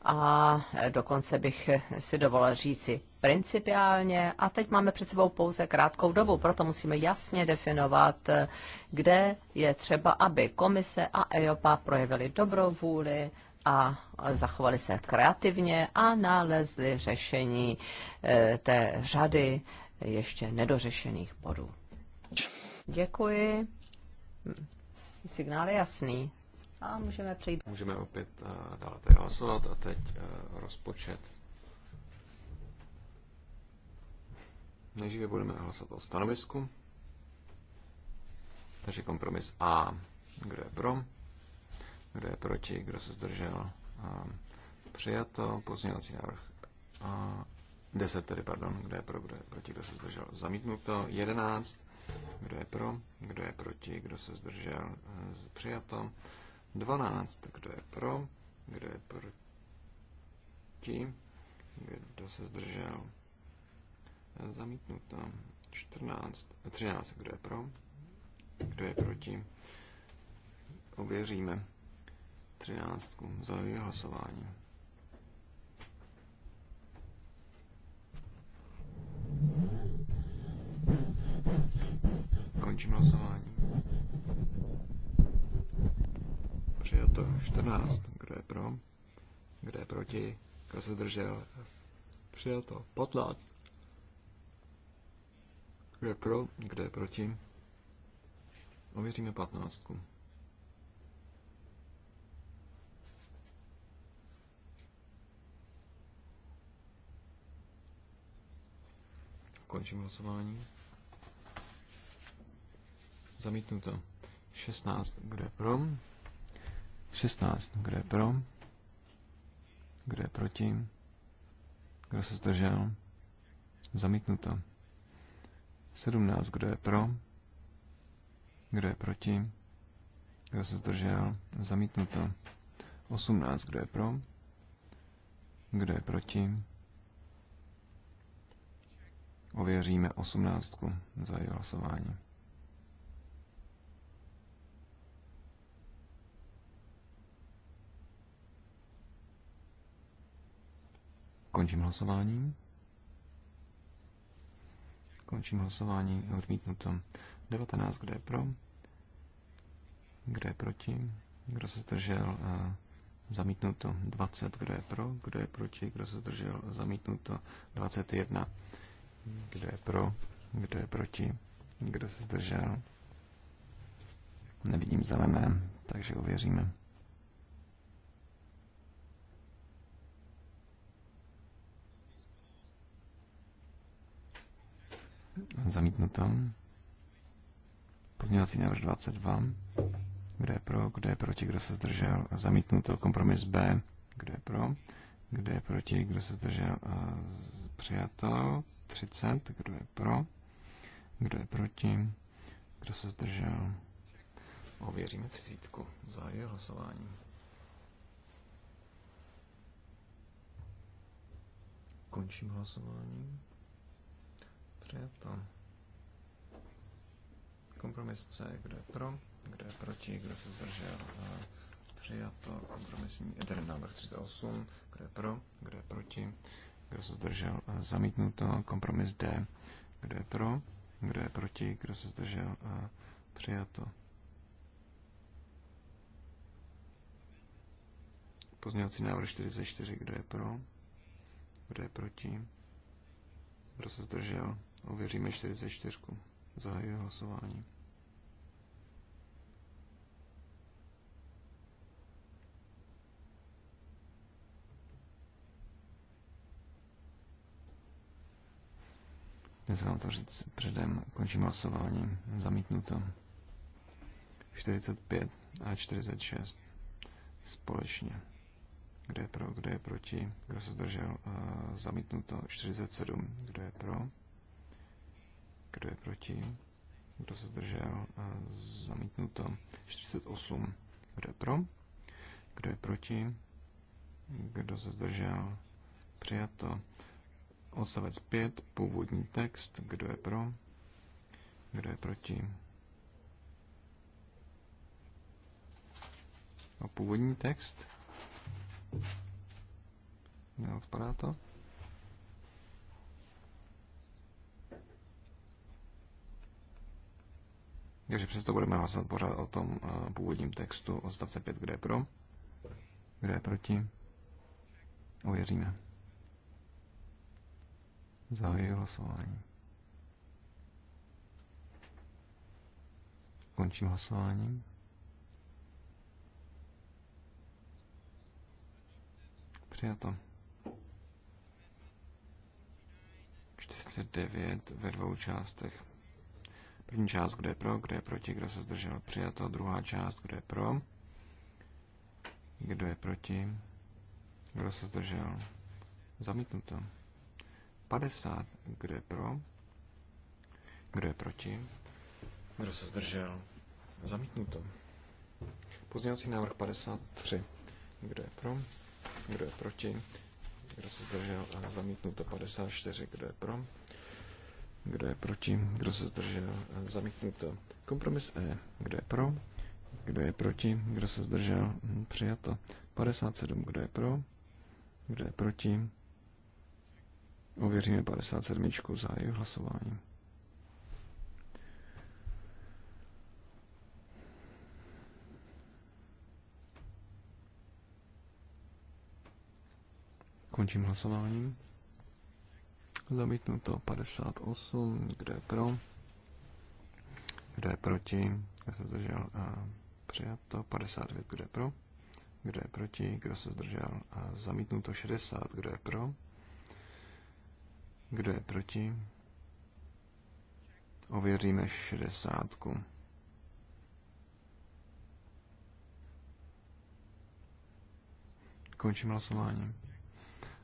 a dokonce bych si dovolila říci principiálně. A teď máme před sebou pouze krátkou dobu, proto musíme jasně definovat, kde je třeba, aby komise a EOPA projevili dobrou vůli a zachovali se kreativně a nalezli řešení eh, té řady ještě nedořešených bodů. Děkuji. Signál je jasný. A můžeme přejít. Můžeme opět eh, dále tady hlasovat a teď eh, rozpočet. Nejdříve budeme hlasovat o stanovisku. Takže kompromis A. Kdo je pro? Kdo je proti? Kdo se zdržel? Přijato. Pozměňovací návrh a 10 tedy, pardon. Kdo je pro? Kdo je proti? Kdo se zdržel? Zamítnuto. 11. Kdo je pro? Kdo je proti? Kdo se zdržel? Eh, přijato. 12. Kdo je pro? Kdo je proti? Kdo se zdržel? Zamítnuto. 14. 13. Kdo je pro? Kdo je proti? Ověříme. 13. Zahajuji hlasování. Končím hlasování to 14. Kdo je pro? Kdo je proti? Kdo se Přijel to. 15. Kdo je pro? Kdo je proti? Ověříme 15. Končím hlasování. Zamítnuto. 16. Kdo je pro? 16. Kdo je pro? Kdo je proti? Kdo se zdržel? Zamítnuto. 17. Kdo je pro? Kdo je proti? Kdo se zdržel? Zamítnuto. 18. Kdo je pro? Kdo je proti? Ověříme 18. Zahajuji hlasování. Končím hlasování. Končím hlasování. Odmítnuto 19. Eh, kdo je pro? Kdo je proti? Kdo se zdržel? Zamítnuto 20. Kdo je pro? Kdo je proti? Kdo se zdržel? Zamítnuto 21. Kdo je pro? Kdo je proti? Kdo se zdržel? Nevidím zelené, takže uvěříme. Zamítnuto. Pozměňovací návrh 22. Kdo je pro, kdo je proti, kdo se zdržel? Zamítnuto. Kompromis B. Kdo je pro, kdo je proti, kdo se zdržel? Přijato. 30. Kdo je pro, kdo je proti, kdo se zdržel? Ověříme třicítku. jeho hlasování. Končím hlasování. Přijato. Kompromis C, kdo je pro, kdo je proti, kdo se zdržel. E, přijato. Kompromisní, tedy návrh 38, kdo je pro, kdo je proti, kdo se zdržel. E, zamítnuto. Kompromis D, kdo je pro, kdo je proti, kdo se zdržel. E, přijato. Pozměňovací návrh 44, kdo je pro, kdo je proti, kdo se zdržel. Ověříme 44. Zahajuji hlasování. Dnes vám to říct předem, končím hlasování, zamítnuto. 45 a 46 společně. Kdo je pro, kdo je proti, kdo se zdržel, eh, zamítnuto. 47, kdo je pro kdo je proti, kdo se zdržel, e, zamítnuto 48, kdo je pro, kdo je proti, kdo se zdržel, přijato odstavec 5, původní text, kdo je pro, kdo je proti. A původní text, neodpadá to. Takže přesto budeme hlasovat pořád o tom eh, původním textu odstavce 5, kde je pro, kde je proti. Ověříme. Zahajuji hlasování. Končím hlasování. Přijato. 49 ve dvou částech. První část, kdo je pro, kdo je proti, kdo se zdržel, přijato. Druhá část, kdo je pro, kdo je proti, kdo se zdržel, zamítnuto. 50, kdo je pro, kdo je proti, kdo se zdržel, zamítnuto. Pozměňovací návrh 53, kdo je pro, kdo je proti, kdo se zdržel, zamítnuto 54, kdo je pro, kdo je proti? Kdo se zdržel? Zamítnuto. Kompromis E. Kdo je pro? Kdo je proti? Kdo se zdržel? Hm, přijato. 57. Kdo je pro? Kdo je proti? Ověříme 57. Zahajuji hlasování. Končím hlasováním zamítnuto 58, kdo je pro, Kdo je proti, kdo se zdržel a přijato 59, kdo je pro, Kdo je proti, kdo se zdržel a zamítnuto 60, kdo je pro, kdo je proti, ověříme 60. Končím hlasování.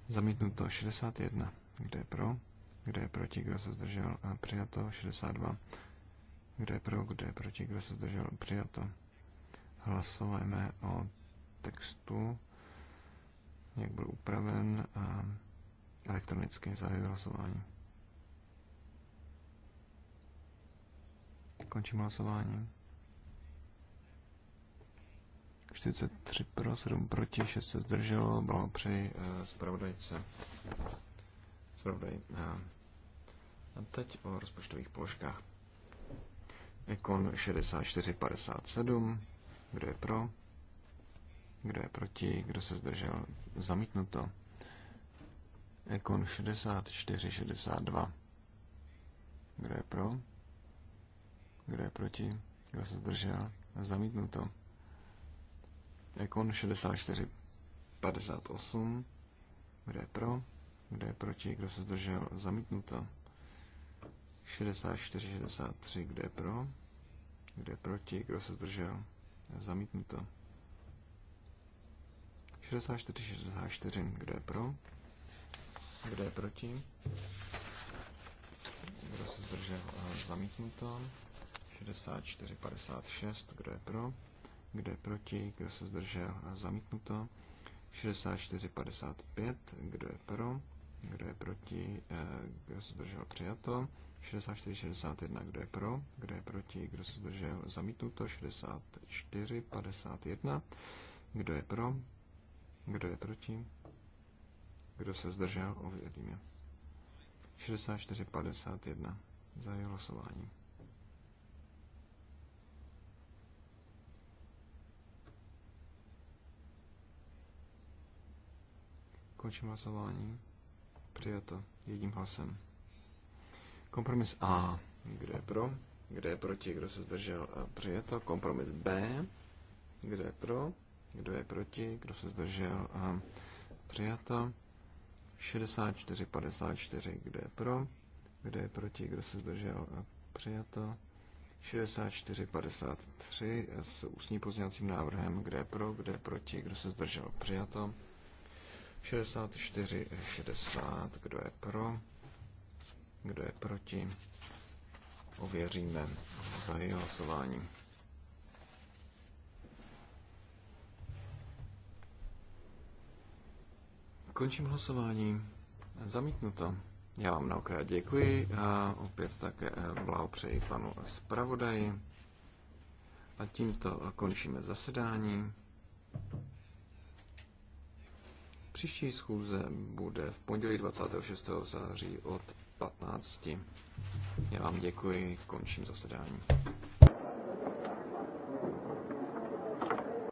Zamítnuto 61. Kdo je pro? Kdo je proti? Kdo se zdržel? A přijato. 62. Kdo je pro? Kdo je proti? Kdo se zdržel? Přijato. Hlasujeme o textu, jak byl upraven a elektronicky zahajuji hlasování. Končím hlasování. 43 pro, 7 proti, 6 se zdrželo, bylo při eh, zpravodaji. A teď o rozpočtových položkách. Ekon 6457. Kdo je pro? Kdo je proti? Kdo se zdržel? Zamítnuto. Ekon 6462. Kdo je pro? Kdo je proti? Kdo se zdržel? Zamítnuto. Ekon 6458. Kdo je pro? Kdo je proti? Kdo se zdržel? Zamítnuto. 64, 63. Kdo je pro? Kdo je proti? Kdo se zdržel? Zamítnuto. 64, 64. Kdo je pro? Kdo je proti? Kdo se zdržel? Zamítnuto. 64, 56. Kdo je pro? Kdo je proti? Kdo se zdržel? Zamítnuto. 64, 55. Kdo je pro? kdo je proti, eh, kdo se zdržel přijato, 64, 61, kdo je pro, kdo je proti, kdo se zdržel zamítnuto, 64, 51, kdo je pro, kdo je proti, kdo se zdržel, ověříme. 64, 51, za jeho hlasování. Končím hlasování. Přijato jedním hlasem. Kompromis A. Kdo je pro? Kdo je proti? Kdo se zdržel? Přijato. Kompromis B. Kdo je pro? Kdo je proti? Kdo se zdržel? Přijato. 64, 54. Kdo je pro? Kdo je proti? Kdo se zdržel? Přijato. 64, 53. s ústním pozměňovacím návrhem, Kdo je pro, Kdo je proti, kdo se zdržel, přijato. 64, 60, kdo je pro, kdo je proti. Ověříme za jeho hlasování. Končím hlasování. Zamítnuto. Já vám mnohokrát děkuji a opět také eh, blahopřeji panu zpravodaji. A tímto končíme zasedání. Příští schůze bude v pondělí 26. září od 15. Já vám děkuji, končím zasedání.